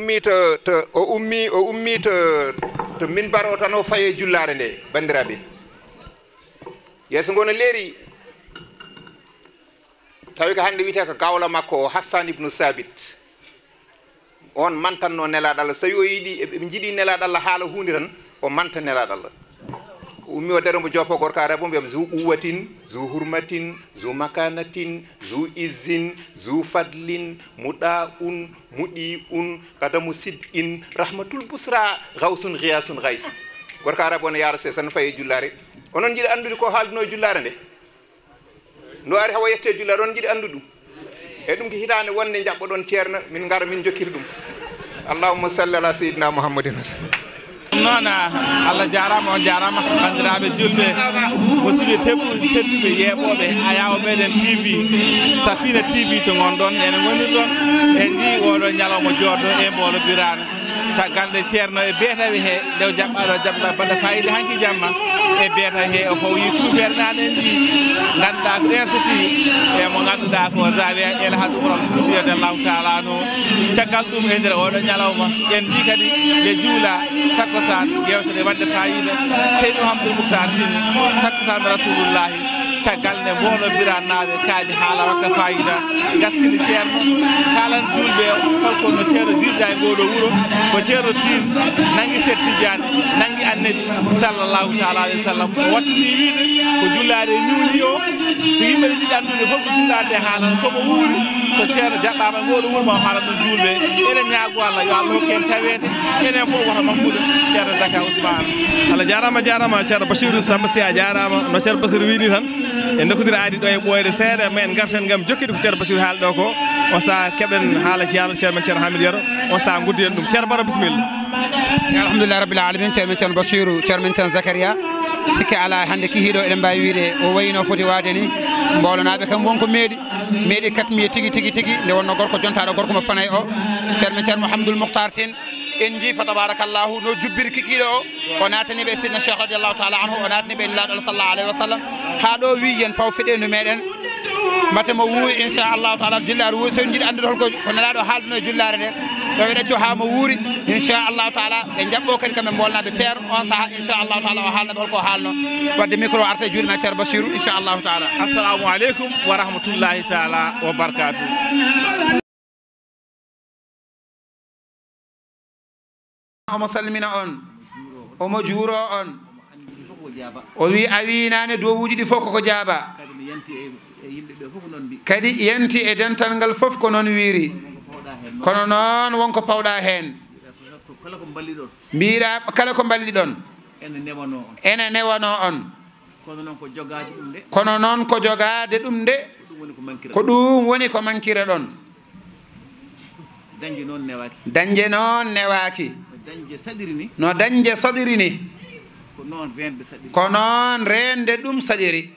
ummi to to o ummi o ummi to to minbar o tan o faye jullare nde bandiraɓe yeeso ngo no leeri tawi ko hannde wiyete ko gawla makko o hassan ibnu sabit on mantanno nelaɗallah so tawi o yiiɗi eɓe jiiɗi nelaɗallah haala hunde tan o manta nelaɗallah ummi o dere mo joppo gorka arabu mbiyam zu ɓuwatin zu hurmatin zu makanatin zu izin zu fadlin muɗa un muɗi un kada mo sid in rahmatul bousra gawsun giyasun gays gorka arabu ono yara se sane faye jullare onon jiɗi andude ko haaldino e jullare nde no ari hawa yette e jullare onon jiɗi andu ɗum e ɗum ko hitande wonde jaɓɓoɗon ceerno min gara min jokkiri ɗum allahuma salli ala seydina mouhammadin wa sallam noon eh, allah jarama on jarama bandiraɓe julɓe musiɓe teɓu tedduɓe yeɓoɓe a yawa meɗen tv safina tv to gonɗon ene gonirɗon e ji oɗo ñalawma jooɗno e mbolo birana caggalde ceerno e beetawi he ndew jaɓɓaɗo jaɓɓa baɗa fayida hanki jamma e beeta he o fawi toufere nane en ɗi ganduɗa ko insiti e mo ganduɗa ko zawi ele ha ɗumron fuutiyode llahu taala no caggal ɗum e ndeer oɗo ñalawma en ndi kadi ɓe juula takkosan yewtere wadde fayida seydi mouhamadoul mouktar tin takkosan rasulullahi caggal nde mbolobira naawe kaani haala wakka fayida gaskini ceerno kalan julɓe holkono ceerno dirda e ngoɗo wuuro ko ceerno tim nangi sertidiane nangi annabi sallallahu taala alah wa sallam wattini wiide ko jullaade ñuuɗi o so yimɓeɗe jiɗi anndude holko jullade nde haalano komo wuuri so ceerno jaɓɓama ngoɗo wuuro ma haala ɗum julɓe eɗen ñaago allah yo allah hokki en tawede enen fof wota makkude ceerno zaka ousmane allah jarama jarama ceerno basiru samba si a jarama no ceerno basiru wini tan en dokkodira aadi ɗo e ɓoyde seeɗa ma en garten gam jokkiɗe ko ceerno basiru haali ɗo ko on saaha keɓen haala yaala ceerno men ceerno hamid yero on saaha gudditen ɗum ceerno bara bisimilla alhamdulillah rabbil alamin ceerno men ceerno basiru ceerno men ceerno zacaria sikki ala hannde kihiɗo eɗen mbawi wiide o wayino foti waade ni mbawlanaɓe kam wonko meeɗi meeɗi katmi e tigui tigui tigui nde wonno gorko jontaɗo gorko mo fanay o ceerno ceerno hamdoul mouhtar tin en jiifa tabarakallahu no jubbiri kikiɗo o o nataniɓe e sidna cheikh radiallahu taala anhu o nataniɓe e nelaɗo allah sallallah alayhi wa sallam ha ɗo wi yen paw fiɗendu meɗen batemo wuuri inchallahu taala jillare wuuri soen jiɗi andude holko ko nanaɗo haaldano e jillare nde yo ɓe ɗacco hamo wuuri inchallahu taala ɓe jaɓɓo kadi kamɓe bolnaɓe ceer on saaha inchallahu taala o haalnoɓe holko haalno wadde micro arta e juuɗe men ceero basirou inchallahu taala assalamu aleykum wa rahmatullahi taala wa barkatu omo sallmina on omo juuro on o wi a winani dowuji ɗi fof koko jaaba E kadi yenti e dental ngal foof ko noon wiiri kono noon wonko pawɗa hen mbiɗa kala ko mballi ɗon ene newano on kono noon ko jogade ɗum nde ko ɗum woni ko mankire ɗon dañje noon newaki no dañje saɗiri ni ko noon rende ɗum saɗiri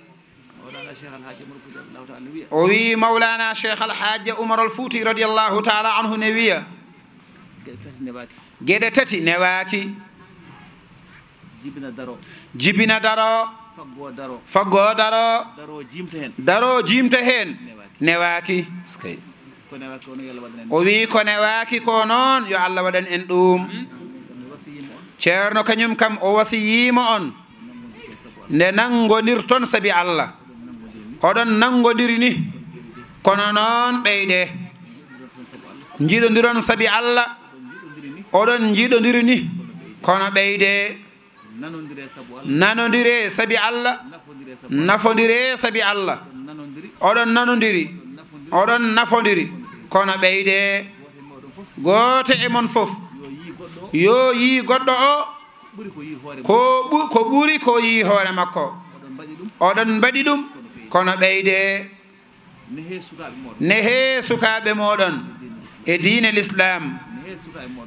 o wi mawlana cheikh alhaji oumar al fouti radiallahu taala anhu ne wiya gueɗe tati newaki jibina daro jibina daro faggo daro faggo daro daro jimta hen daro jimta hen newaki o wi ko newaki ko noon yo allah waɗan en ɗum ceerno kañum kam o wasiyima on nde nanngonirton sabi allah oɗon nangodiri ni kono noon ɓeyɗe jiɗodiron saabi allah oɗon jiɗodiri ni kono ɓeyɗe nanodire saabi allah nafodire saabi allah oɗon nanodiri oɗon nafodiri kono ɓeyɗe goote e mon fof yo yi goɗɗo o ko ɓuri ko yi hoore makko oɗon mbaɗi ɗum kono ɓeyde nehe sukaɓe moɗon e diine l'islam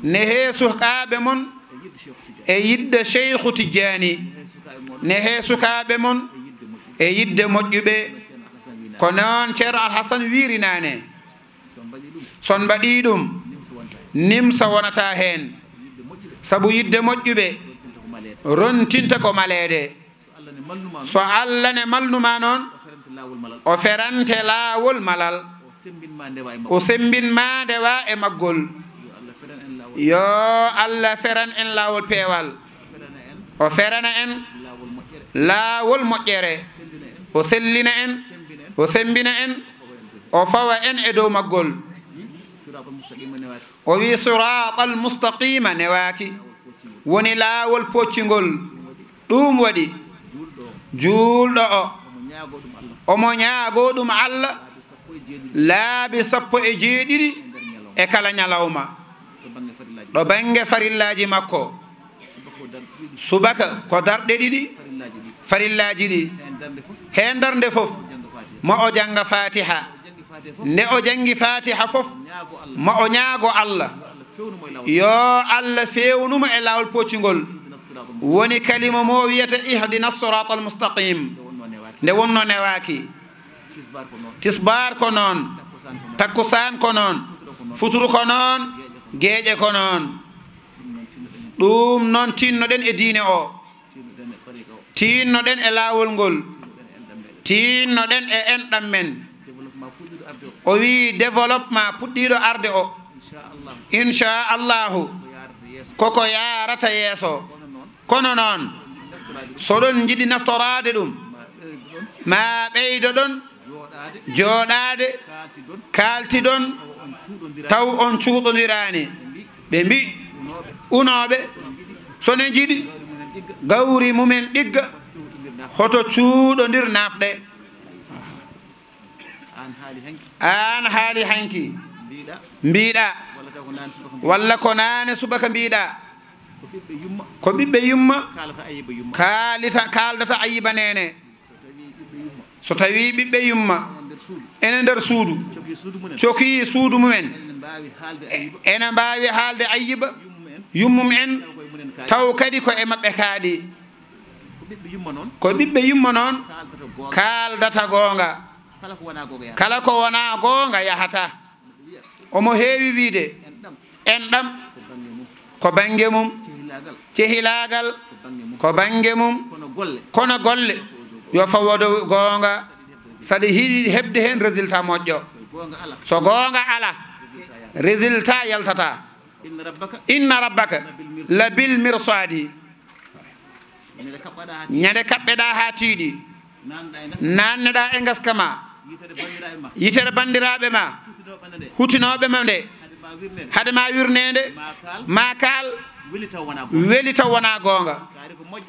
nehe sukaɓe mon e yidde cheikhu tijjani nehe sukaɓe mon e yidde moƴƴuɓe ko noon ceerno alhasan wirinane son mbaɗi ɗum nimsa wonata hen saabu yidde moƴƴuɓe rontinta ko maleede so allah ne malnuma noon oferante ferante laawol malal o sembinma ndewa e maggol yo allah feran en laawol peewal o ferana en laawol moƴƴere o sellina en o sembina en o fawa en e dow maggol o wi siratal mustaqima newaaki woni laawol poccingol ɗum waɗi juulɗo o omo ñaago ɗum allah laabi sappo e jeeɗiɗi e kala ñalawma ɗo bange farillaji makko subaka ko darɗe ɗiɗi farillaji ɗi he fof mo o janga fatiha nde o jangi fatiha fof mo o ñaago allah yo allah fewnumo e lawol poccugol woni kalima mo wiyata ihdina sirata almustaqim nde wonno newaki tisbar ko noon takkusan ko noon futuru ko noon geeƴe ko noon ɗum noon tinnoɗen e diine o tinnoɗen e laawol ngol tinnoɗen e enɗam men o wii développement puɗɗiiɗo arde o inchallahu koko yarata yeeso kono noon so ɗon jiɗi naftoraade ɗum ma ɓeydo ɗon jooɗaade kaalti ɗon taw on cuuɗodirani ɓe mbi unoɓe sone jiɗi gawri mumen ɗigga hoto cuuɗodir nafɗe an haali hanki mbiɗa walla ko nane subaka mbiɗa ko ɓiɓɓe yumma kalita kaldata ayiba nene so tawi ɓiɓɓe yumma ene nder suudu cokii suudu mumen ene mbawi haalde ayiba yummum en taw kadi ko e maɓɓe kaaɗi ko ɓiɓɓe yumma noon kaaldata goonga kala ko wona goonga yahata omo heewi wiide en ɗam ko bange mum cehilagal ko bange mum kono golle yo fawodo goonga saɗa hiɗi heɓde heen résultat moƴƴo so goonga ala résultat yaltata inna rabbaka la bil mirsadi ñande kaɓɓeɗa ha tiiɗi nanneɗa e gaska ma yitere bandiraɓe ma hutinoɓe ma nde hade ma wirnede ma kaal weli taw wona goonga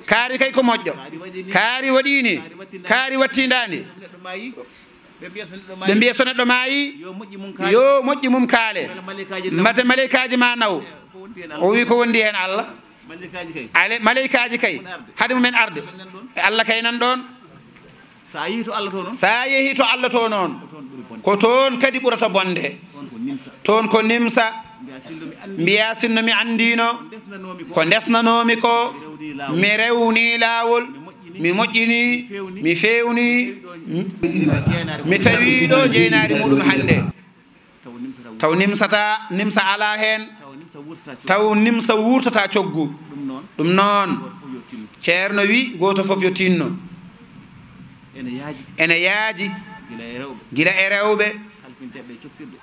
kaari kay ko moƴƴo kaari waɗini kaari wattidani ɓe mbiya so neɗɗo maayi yo moƴƴi mum kaale mate maleykaji ma naw o wi ko wondi hen allah ale maleykaji kay haade mumen arde allah kay nan ɗon sa yeehi to allah to noon ko toon kadi ɓurata bonde toon ko nimsa mbiya sinno mi andino ko desnanomi ko mi rewni lawol mi moƴƴini mi fewni mi tawiɗo jeynari muɗum hande taw nimsata nimsa ala hen taw nimsa wurtata coggu ɗum noon ceerno wi goto foof yo tinno ene yaaji gila e rewɓe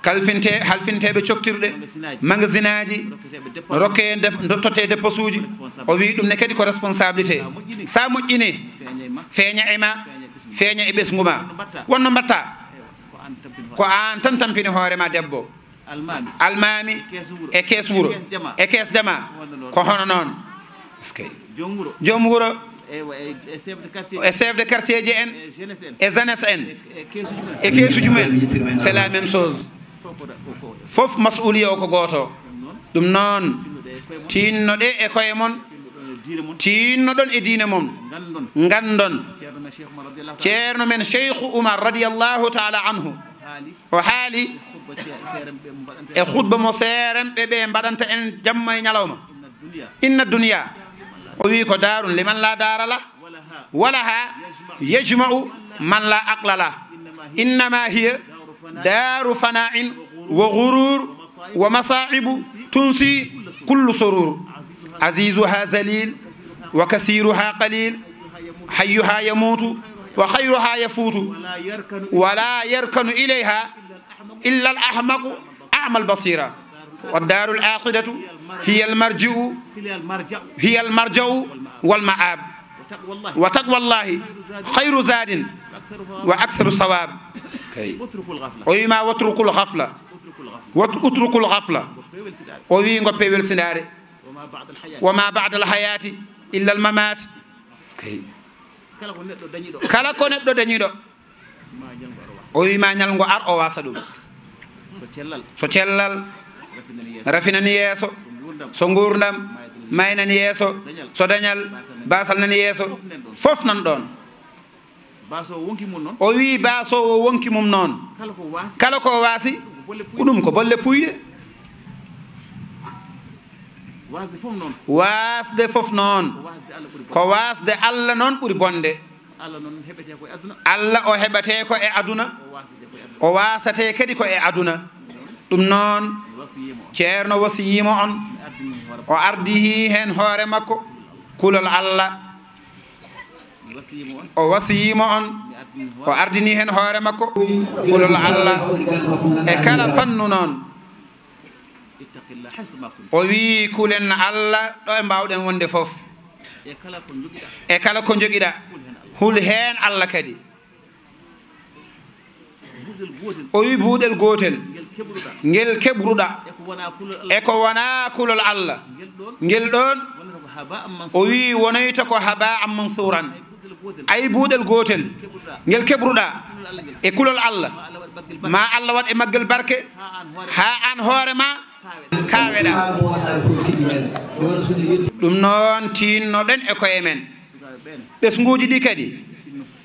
kalfinte halfinteɓe coktirɗe magasin aji rokkee de, dottote dépos uji o wi ɗum ne kadi ko responsabilité sa moƴƴine feeña ema e e feeña e ɓesgu ma wonno mbatta ko an tan tampini hoorema debbo almami e kees wuuro e, e kees jama ko hono noon jom wuuro et chef de quartier ji en e jeunesse en e keesuji mumen c'est la même chose fof masuliya o ko gooto ɗum noon de e koye moon tinnoɗon e diine moon ngandon ceerno men cheikhu oumar radiallahu taala anhu o haali e hutba mo seeren ɓe ɓe mbaɗanta en jamma e ñalawma inna duniya أوي كدار لمن لا دار له ولها يجمع من لا عقل له إنما هي دار فناء وغرور ومصاعب تنسي كل سرور عزيزها ذليل وكثيرها قليل حيها يموت وخيرها يفوت ولا يركن إليها إلا الأحمق أعمى البصيره والدار الآخرة هي المرجع هي المرجع والمعاب وتقوى الله خير زاد وأكثر صواب ويما وترك الغفلة وترك الغفلة ويما وترك الغفلة وما بعد الحياة إلا الممات كلا كونت دو دنيدو ويما o wima ñalgo ar o so cellal rafinani yeeso so gurdam maynani yeeso so dañal basal nani yeeso fof nan ɗon o wi basowo wonki mum noon kala ko waasi ko ɗum ko bolle puyɗe waasde fof noon ko waasde allah noon ɓuri bonde allah e o heɓate ko e aduna o e waasate kadi ko e aduna ɗum noon ceerno wasiyima on o ardihi hen hoore makko kulol allah o wasiyima on o ardini hen hoore makko kulol allah e kala fannu noon o wii kulen allah ɗo e mbawɗen wonde fof e kala ko joguiɗa hul hen allah kadi o wi buuɗel gotel ngel keɓruɗa e ko wona e kulol allah ngel ɗon o wi wonoyta ko haba an mansuran ayi buuɗel gotel ngel keɓruɗa e kulol allah e e ma allah waɗ e maggel barke ha an hoorema kaweɗa ɗum noon tinno ɗen e koye men ɓesnguji ɗi kadi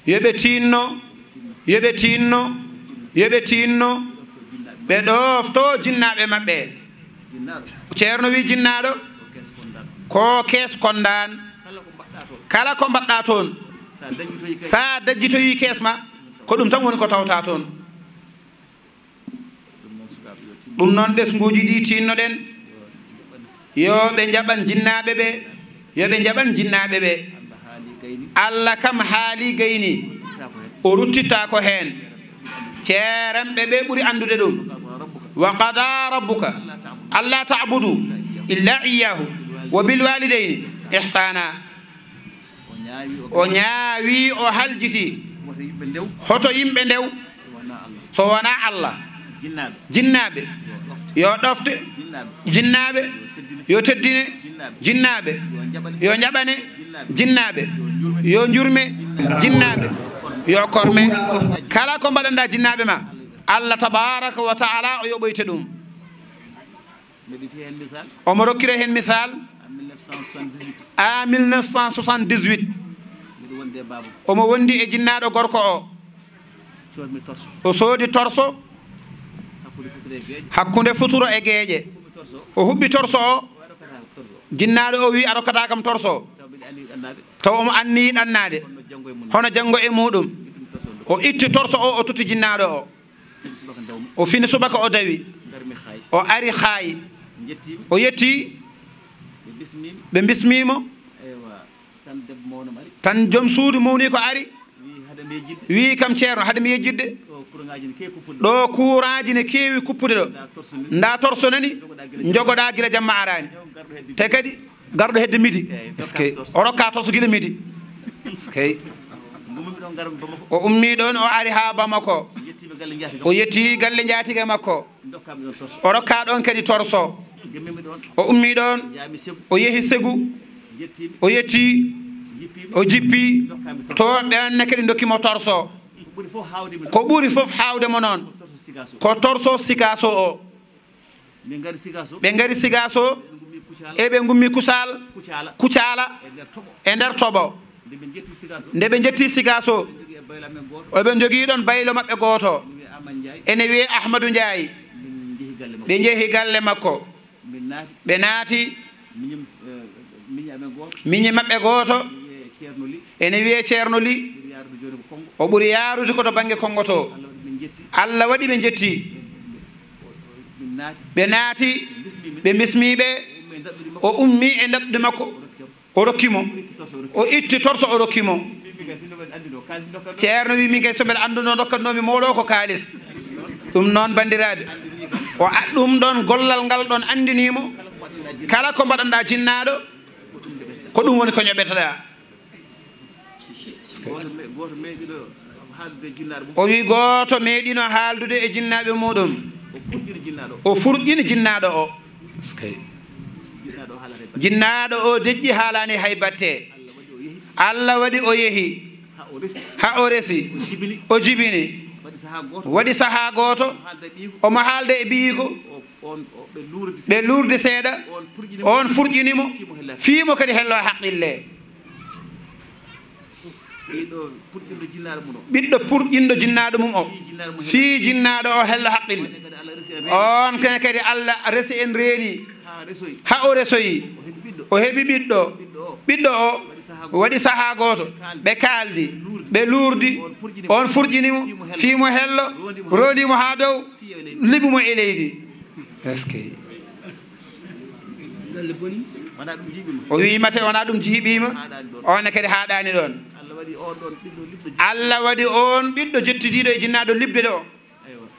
yoɓe tinno yoɓe tinno yoɓe tinno ɓe ɗofto jinnaɓe maɓɓe ceerno wi jinnaɗo ko kees kondan kala ko mbaɗɗa toon sa dajjitoyi kees ma ko ɗum tan woni ko tawta toon ɗum noon ɓesguji ɗi tinno ɗen yo ɓe jaɓan jinnaɓe ɓe yoɓe jaɓan jinnaɓe ɓe allah kam haali gayni o ruttitta ko hen تيرم ببي بوري اندو دون وقضى ربك الا تعبدوا الا اياه وبالوالدين احسانا ونياوي او هالجتي هتو يمبي ندو سوانا الله جنابي يو دفت جنابي يو تدين جنابي يو نجباني جنابي يو نجرمي جنابي yo korme kala ko mbaɗanɗa jinnaɓe ma allah tabaraka wa taala o yoɓoyta ɗum omo rokkira hen misal a 1978 omo wondi e jinnaɗo gorko o o soodi torso hakkunde futuro e gueeƴe o huɓɓi torso o jinnaɗo o wi a rokkata kam torso o taw omo anniyi ɗannade E hono janngo e muɗum o itti torso o o toti jinnaɗo o o fini subaka o dawi o ari haayi o yetti ɓe bismimo tan joom suudu mawni ko ari wi kam ceerno haade mi yejjidde ɗo kuuraji ne keewi kuppude ɗo nda torso nani jogoɗa gila jamma arani te kadi garɗo hedde midi est ce que o rokka torso gila midi skey o ummi ɗon o ari ha bamako o yetti galle jatigue makko o rokka ɗon kadi torso o ummi ɗon o yeehi segu o yetti o jippi to ɓenne kadi dokkimo torso ko ɓuuri foof hawdemo noon ko torso sigaso o ɓe gari sigaso eɓe gummi kusal kucala e nder toɓo nde ɓe jetti sigaso oɓe jogui ɗon baylo mabɓe goto ene wiye ahmadou ndiaye ɓe jeehi galle makko ɓe naati miñe eh, mabɓe goto ene wiye ceerno li o ɓuuri yarude koto banggue kongo to allah waɗi ɓe jetti ɓe naati ɓe bismiɓe o ummi e dabɓude makko o rokkimo o itti torso o rokkimo ceerno wimi kay somiɗa anduno dokkatnomi moɗo ko kaalis ɗum noon bandiraɓe o ɗum ɗon gollal ngal ɗon andinimo kala ko mbaɗanɗa jinnaɗo ko ɗum woni ko ñoɓetoɗa o wi goto meeɗino haaldude e jinnaɓe muɗum o furƴini jinnaɗo o skay jinnaɗo o deƴƴi haalani hay batte allah waɗi o yeehi ha o resi o jibini waɗi saaha goto omo haalde e ɓiyiko ɓe lurde seeɗa on furƴinimo fiimo kadi hello haqqille ɓiɗɗo purƴinɗo jinnaɗo mum o fii jinnaɗo o hello haqqille on kene kadi allah resi en reeni ha o resoyi o heɓi ɓiɗɗo ɓiɗɗo o waɗi saha goto ɓe kaaldi ɓe lurdi on furƴinimo fimo hello ronimo ha dow libimo e leydi e eske o wimate wona ɗum jiiɓima one kadi haɗani ɗon allah waɗi on ɓiɗɗo jettidiɗo e jinnaɗo libde ɗo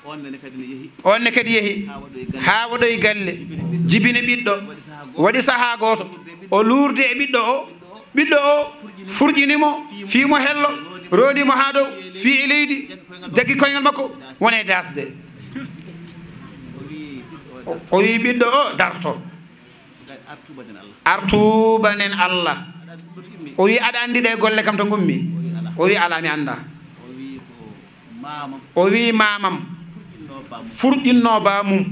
onne kadi yeehi ha waɗoy galle jibini ɓiɗɗo waɗi saaha goto o lurdi e ɓiɗɗo o ɓiɗɗo o furƴinimo fimo hello ronimo ha dow fi e leydi jaggi koyngal makko wone e dasde o wi ɓiɗɗo o darto artubanen allah o wi aɗa andi ɗe golle kam to gummi o wi ala mi anda o wi mamam furɗinno bamum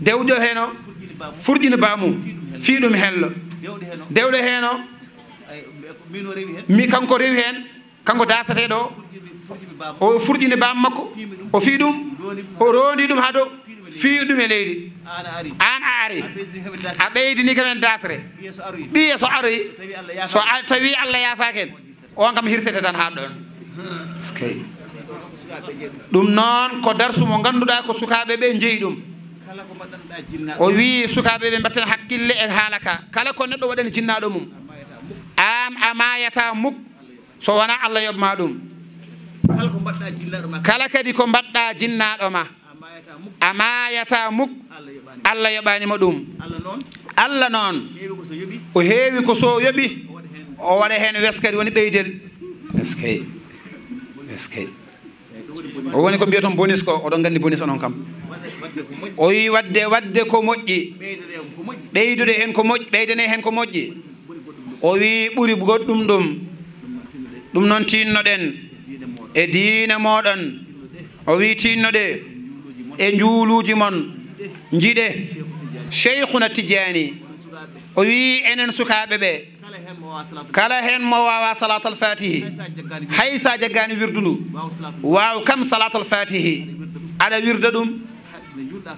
dewɗo heno furɗina bamum fii ɗum hello dewɗo heno mi kanko rewi hen kanko dasateɗo o furɗini bam makko o fii ɗum o rondi ɗum ha e dow fii ɗum e leydi an a ari a ɓeydini kamen dasre ɓiye so aroyi so tawi allah yafaken on kam hirsete tan ha ɗon skey ɗum noon ko darsu mo ganduɗa ko sukaɓe ɓe jeeyi ɗum o wi sukaɓe ɓe mbatten hakkille e haala ka kala ko neɗɗo waɗani jinnaɗo mum am a mayata muk so wona allah yoɓma ɗum kala kadi ko mbaɗɗa jinnaɗo ma a mayata muk allah yoɓanima ɗum allah noon o heewi ko so yoɓi o waɗa hen wes kadi woni ɓeydel eskay eskay o woni ko mbiyaton bonis ko oɗon gandi bonis onon kam o wi wadde wadde ko moƴƴi ɓeydude hen ko moƴƴi ɓeydane hen ko moƴƴi o wi ɓuri goɗɗum ɗum ɗum noon tinnoɗen e diina moɗon o wi tinnoɗe e njuuluji moon njiɗe cheikhuna tidiani o wi enen sukaɓe ɓe kala hen mo wawa salatal fatihi haysa jaggani wirdu ndu waw kam salatal fatihi aɗa wirda ɗum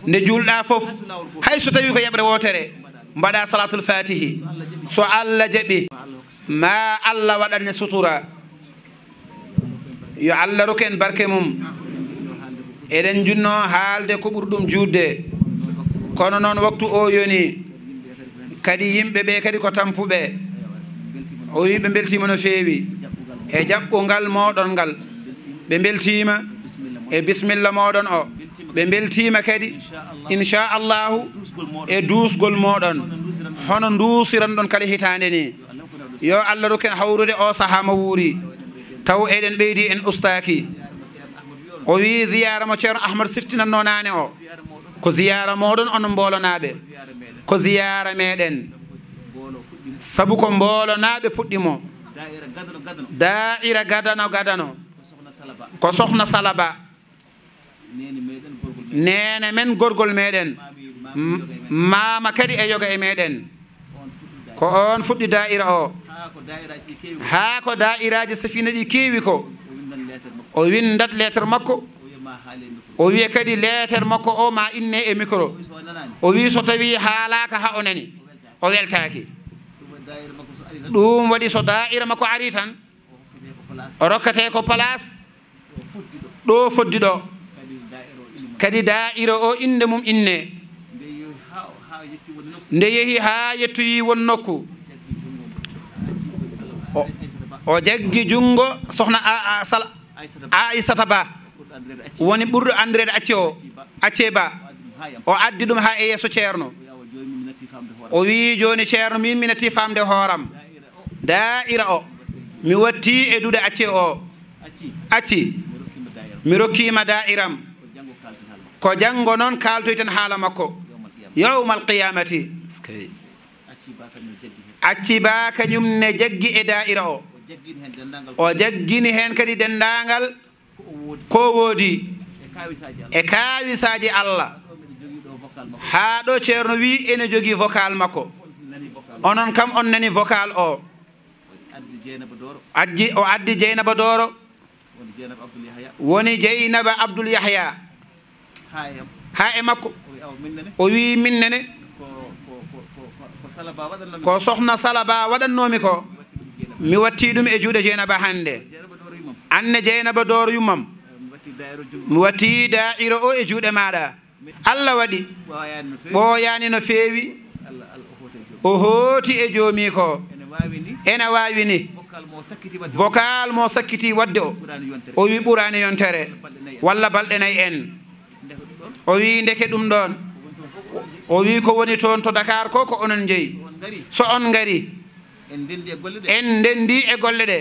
nde julɗa foof hayso tawi ko yeɓre wotere mbaɗa salatul fatihi so allah jaɓi ma allah waɗatne sutura yo allah roken barke mum eɗen jinno haalde ko ɓuri ɗum juutde kono noon waktu o yoni kadi yimɓeɓe kadi ko tampuɓe o wi ɓe beltima no feewi e jaɓɓungal moɗon ngal ɓe beltima e bisimilla moɗon o ɓe beltima kadi inchallahu e dusgol moɗon hono dusiranɗon kadi hitande ni yo allah rokken hawrude o saaha mo wuuri taw eɗen ɓeydi en ustaki o wi ziyara mo ceerno ahmad siftinanno nane o ko ziyara moɗon on mbolonaɓe ko ziyara meɗen sabu ko mboolonaaɓe puɗɗimo daa'ira gadano gadano ko sohna salaba neene men gorgol meɗen e maama kadi e yoga e meɗen ko on fuɗɗi daa'ira o haa ko daa'iraaji safina ɗi keewi ko o windat lettere makko o wiya kadi lettere makko o ma inne e micro o wi so tawi haalaka ha o nani o weltaki ɗum waɗi so daira makko ari tan rokkate ko place ɗo foddi ɗo kadi daira o inde mum inne nde yeehi ha yettoyi won nokku o jaggi junngo sohna aisata ba woni ɓurɗo andirede acci o accie ba o addi ɗum ha e yesso ceerno o wi joni ceerno min minati famde hooram daa'ira o mi watti e duɗe acce o acci mi rokkima daa'iram ko janggo noon kaltoyten haala makko yawmal qiyamati acci bakañum ne jaggi e daa'ira o o jaggini hen kadi dendagal ko woodi e kawisaji allah e haa ɗo ceerno wi ene jogii vocal makko onon kam on nani vocal o ajji o addi jeynaba dooro woni jeynaba abdoul yahya haa e makko o wi min nene ko sohna salaba waɗannomi ko mi watti ɗum e juuɗe jeynaba hannde anne jeynaba dooro yummam mi watti daa'ira o e juuɗe maɗa allah waɗi ɓooyaani no feewi o hooti e joomii ko ene waawi ni vocal mo sakkiti wadde o o wi ɓuraani yontere walla balɗe nayi en o wii ndeke ɗum ɗoon o wii ko woni toon to dakar ko ko onon njeyi so on ngari en ndenndi e golle ɗe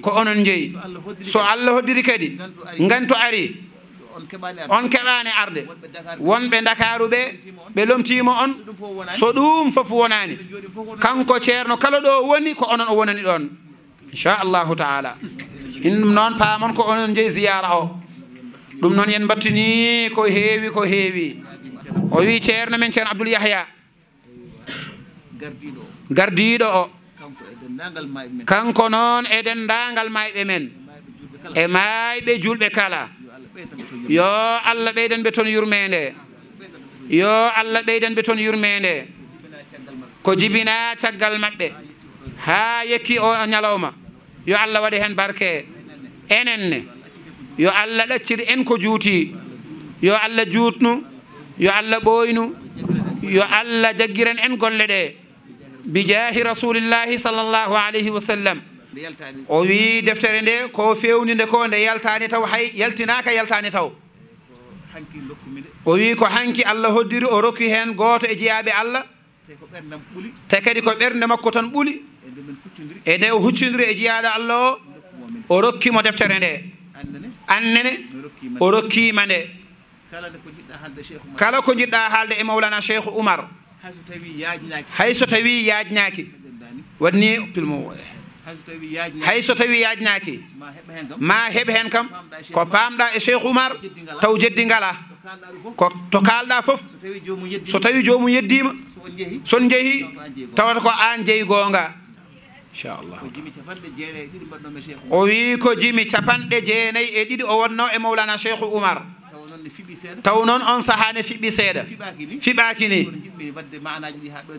ko onon njeyi so allah hoddiri kadi ngantu ari on keɓani arde wonɓe dakaru ɓe ɓe lomtimo on so ɗum foof wonani kanko ceerno kala ɗo woni ko onon o wonani ɗon inchallahu taala in ɗum noon paamon ko onon jeyi ziyara o ɗum noon yen battini ko heewi ko heewi o wi ceerno men ceerno abdoul yahya gardiɗo o e kanko noon e dendagal mayɓe men e mayɓe julɓe kala e yo allah ɓeydan ɓe toon yurmede yo allah ɓeydan ɓe toon yurmede ko jibina caggal maɓɓe ha yekki o ñalawma yo allah waɗe hen barke enenne yo allah ɗaccir en ko juuti yo allah juutnu yo allah ɓoynu yo allah jaggiran en golle ɗe bi jahi rasulillahi sallllahu alayhi wa sallam o wi deftere nde ko fewnide ko nde yaltani taw hay yaltinaka yaltani taw o wi ko hanki allah hoddiri o rokki hen goto e jeeyaɓe allah te kadi ko ɓernde makko tan ɓuuli e, e nde o huccidiri e jeeyaɗo allah o o rokkimo deftere nde annene o rokkima nde kala ko jiɗɗa haalde e mawlana cheikhu oumar hayso tawi yajñaki wadni pilmo hay so tawi yajnaki ma heɓ hen kam ko pamɗa e cheikh oumar taw jeddi ngala ko to kalɗa foof so tawi jomum yeddima son jeehi tawata ko an jeeyi gonga inchallah o wi ko jimi capanɗe jeenayyi e, e ɗiɗi o wonno e mawlana cheikhu oumar taw noon on saaha ne fiɓɓi seeɗa fiɓaki ni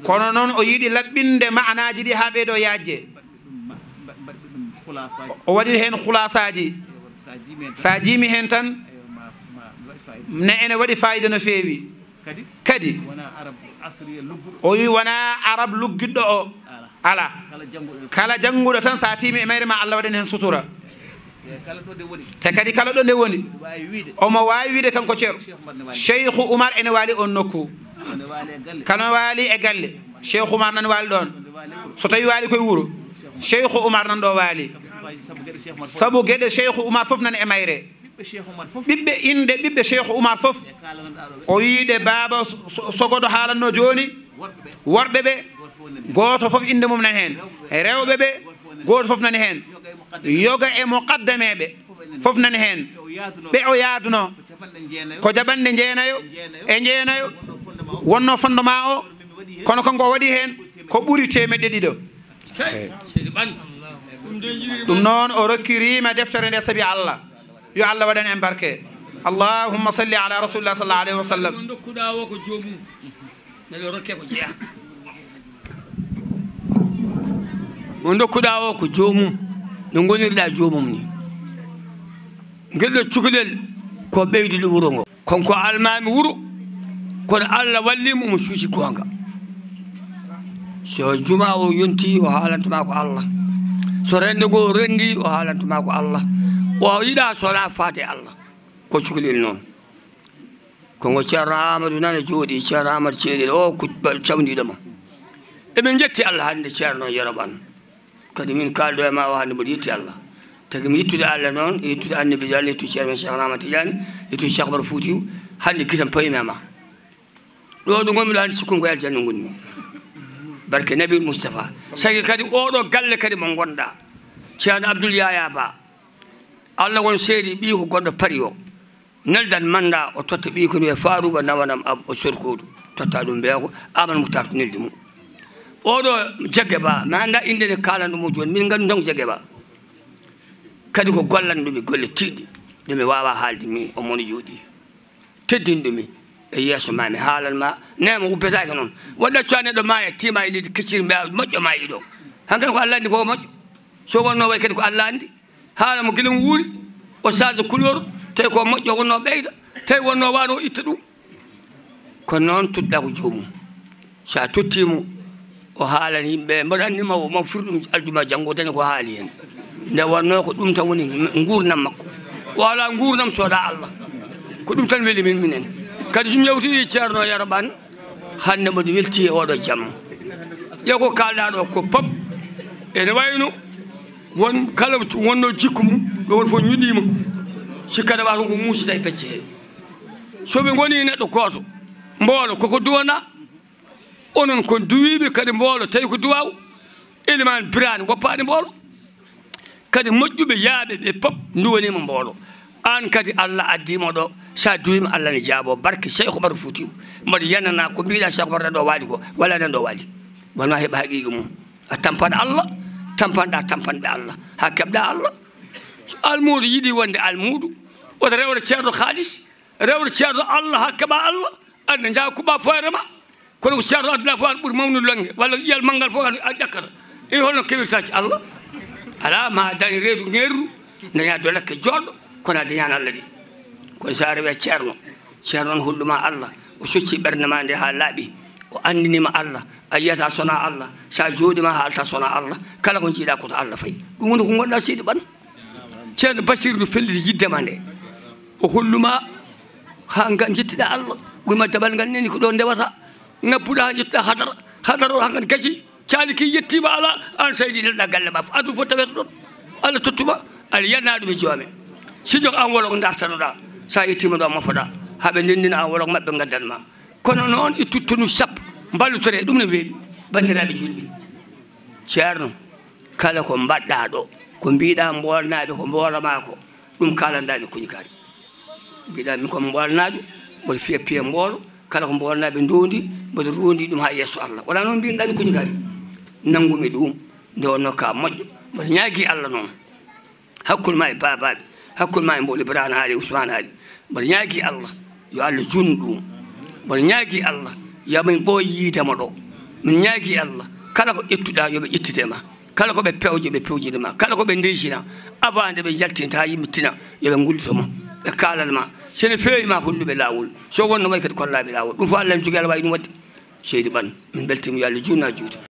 kono noon o yiiɗi laɓɓinde ma anaji ɗi ha ɓeydo yajje o waɗi heen xulasaji sa jiimi heen tan ne ene waɗi fayida no feewi kadi o wi wona arab luggiɗɗo o ala kala jannguɗo tan sa tiimi e mayre ma allah waɗani heen sutura te kadi kala ɗo nde woni omo wawi wiide kanko ceeru cheikhu oumar ene waali on nokku e kano waali e galle cheikhu oumar nan waali ɗon e so tawi waali koye wuuro cheikhu oumar nan ɗo waali sabu gueɗe cheikhu oumar fof nan e mayre ɓiɓɓe inɗe ɓiɓɓe cheikhu oumar fof o yiiɗe baaba sogoɗo haalanno jooni worɓe ɓe gooto fof inde mum nani heen rewɓe ɓe gooto fof nani heen yoga e muqaddameɓe fof nani heen ɓe o yaaduno ko jaɓanɗe jeenayo e jeenayo wonno fondement o kono kanko o waɗi heen ko ɓuri temeɗɗe ɗiɗo Eh. ɗum noon o rokkirima deftere nde saabi allah yo allah waɗan en barqué allahumma salli ala rasulillah sallllah alayhi wa sallam mo dokkuɗa o ko jomum no gonirɗa jomum ni gueɗo cukalel ko ɓeydi ɗo wuro ngo konko almami wuuro kono allah wallimo mo suusi gonga so juma o yonti o haalantuma ko allah so rende goo rendi o haalantuma ko allah o yiɗa sona faate allah ko cukalel noon kongo ceerno amadou nane jooɗi ceerno amadou ceeɗel o ko cawdiɗoma emin jetti allah hannde ceerno yeroɓan kadi min kaldo e ma o hannde mboɗo yitti allah tagi mi yittude allah noon e yittude annabi allah e yittude ceermen cheikh nama tidiani e yittude cheikh bar fouti hannde kitan payimema ɗo ɗo gonmiɗo hannde sikkon ko yal jannde gonmi barke nabi moustapha sagi kadi oɗo galle kadi mo gonɗa ceano abdoul yaya ba allah won seedi ɓi ko goɗɗo pari o naldan manda o totta ɓi kono e faruga nawanam am o sorkodu totta ɗum mbeyako aman mo tartanelde mum oɗo jegge ba mi anda inde nde kalan ɗumo joni min gandu tan ko jegge ba kadi ko gollan ɗumi e golle tiɗɗi ɗumi wawa haalde min omono jooɗi teddin ɗumi e yeeso ma mi haalan ma nema guppetake noon waɗɗa coa neɗɗo maya tima e, e lidi kiccir mbiya moƴƴo ma yiɗo hankkadi ko allah andi ko moƴƴo so wonno way kadi ko allah andi haala mo gilam wuuri o sage couleur tawi ko moƴƴo wonno ɓeyda tawi wonno wano o itta ɗum ko noon tutɗa ko jomum sa tuttimo o haalan yimɓe mbaɗannima mo fur ɗum arjuma janngo dañi ko haali hen nde wonno ko ɗum tan woni gurnam makko wala gurnam sooda allah ko ɗum tan weli min minen kadi sum yawtiri ceerno yaroɓan hande moɗi welti e oɗo jam ƴew ko kalɗa ɗo ko pop ene wayno won kala wonno jikku mum ɗo won fof ñuɗima sikkada wa ton ko muusita e pecce he soɓe goni neɗɗo gooto mboolo koko duwana onon kon duwiɓe kadi mboolo tawi ko duwaw ilimani birani goppaɗi mboolo kadi moƴƴuɓe yaaɓe ɓe pop duwanima mboolo an kadi allah addimo ɗo sa duwima allah ne jaabo barke cheikh oumaru fuutima mbaɗa yanana ko mbiɗa cheikh oumaru do wadi ko wala nan ɗo waali wona heeɓa haqiqi mum a tampan da tampan be allah ha keɓɗa allah so almudu yiɗi wonde almudu wota rewre ceerɗo khalis rewre ceerɗo allah ha keɓa allah an nja ko ba ma kono ko ceerɗo adduna fof an bur mawnu longue wala yel mangal fof a ƴakkata e holno keɓirtaci allah ala ma dan reedu ngeru nya do lakke jodo kono adañaan allah ɗi kono so arawi ceerno ceernoon hulluma allah o soccii ɓernde ma nde haa laaɓi o anndinima allah a yiyata sona allah so a jooɗima haalta sona allah kala ko njiiɗa koto allah fayi ɗum woni ko ngonɗa seydi ɓan ceerno basir ndu felliti yiddema nde o holluma haa ga jettiɗa allah ɓuyma dabal ngal neni ko ɗo ndewata ngabbuɗa haa jettiɗa hadara hadaro ha gan gasi caali ki yettima ala an saydi neɗɗa galle ma fo adu fo taweto ɗon allah tottuma aɗa yanna ɗum e joomen sijok an wolok dartanoɗa sa ittima ɗo mofoɗa haɓe ndendina an wolok mabɓe gaddanma kono noon e tuttunu sappo mballutore ɗum ne weeɓi bandiraɓe julɓi ceerno kala ko mbaɗɗa ɗo ko mbiɗa mbolnaɓe ko mbolamako ɗum kalandami kuñikari mbiɗa min komi mbolnajo mboɗo fiya piya mboolo kala ko mbolnaɓe ndondi mboɗo rondi ɗum ha yesso allah wona noon mbinoɗami kuñikari nangumi ɗum nde wonno ka moƴƴo mboɗo ñaagui allah noon hakkude ma e babaɓe hakkude ma e mbole brane ali ousmane ali mboɗo ñaagui allah yo allah junu ɗum mboɗo ñaagui allah yo min ɓooy yiidema ɗo min ñaagui allah kala ko ƴettuɗa yoɓe ƴettitema kala koɓe pewje ɓe pewjidema kala koɓe ndejina avant nde ɓe jaltinta ha yimmittina yoɓe gullitoma ɓe kaalal ma sene fewi ma honnuɓe laawol so wonno wayi kadi kollaɓe laawol ɗum fo allah ne jogui ala wawi ɗum wadde seydi ɓan min beltimo yo allah junna juuta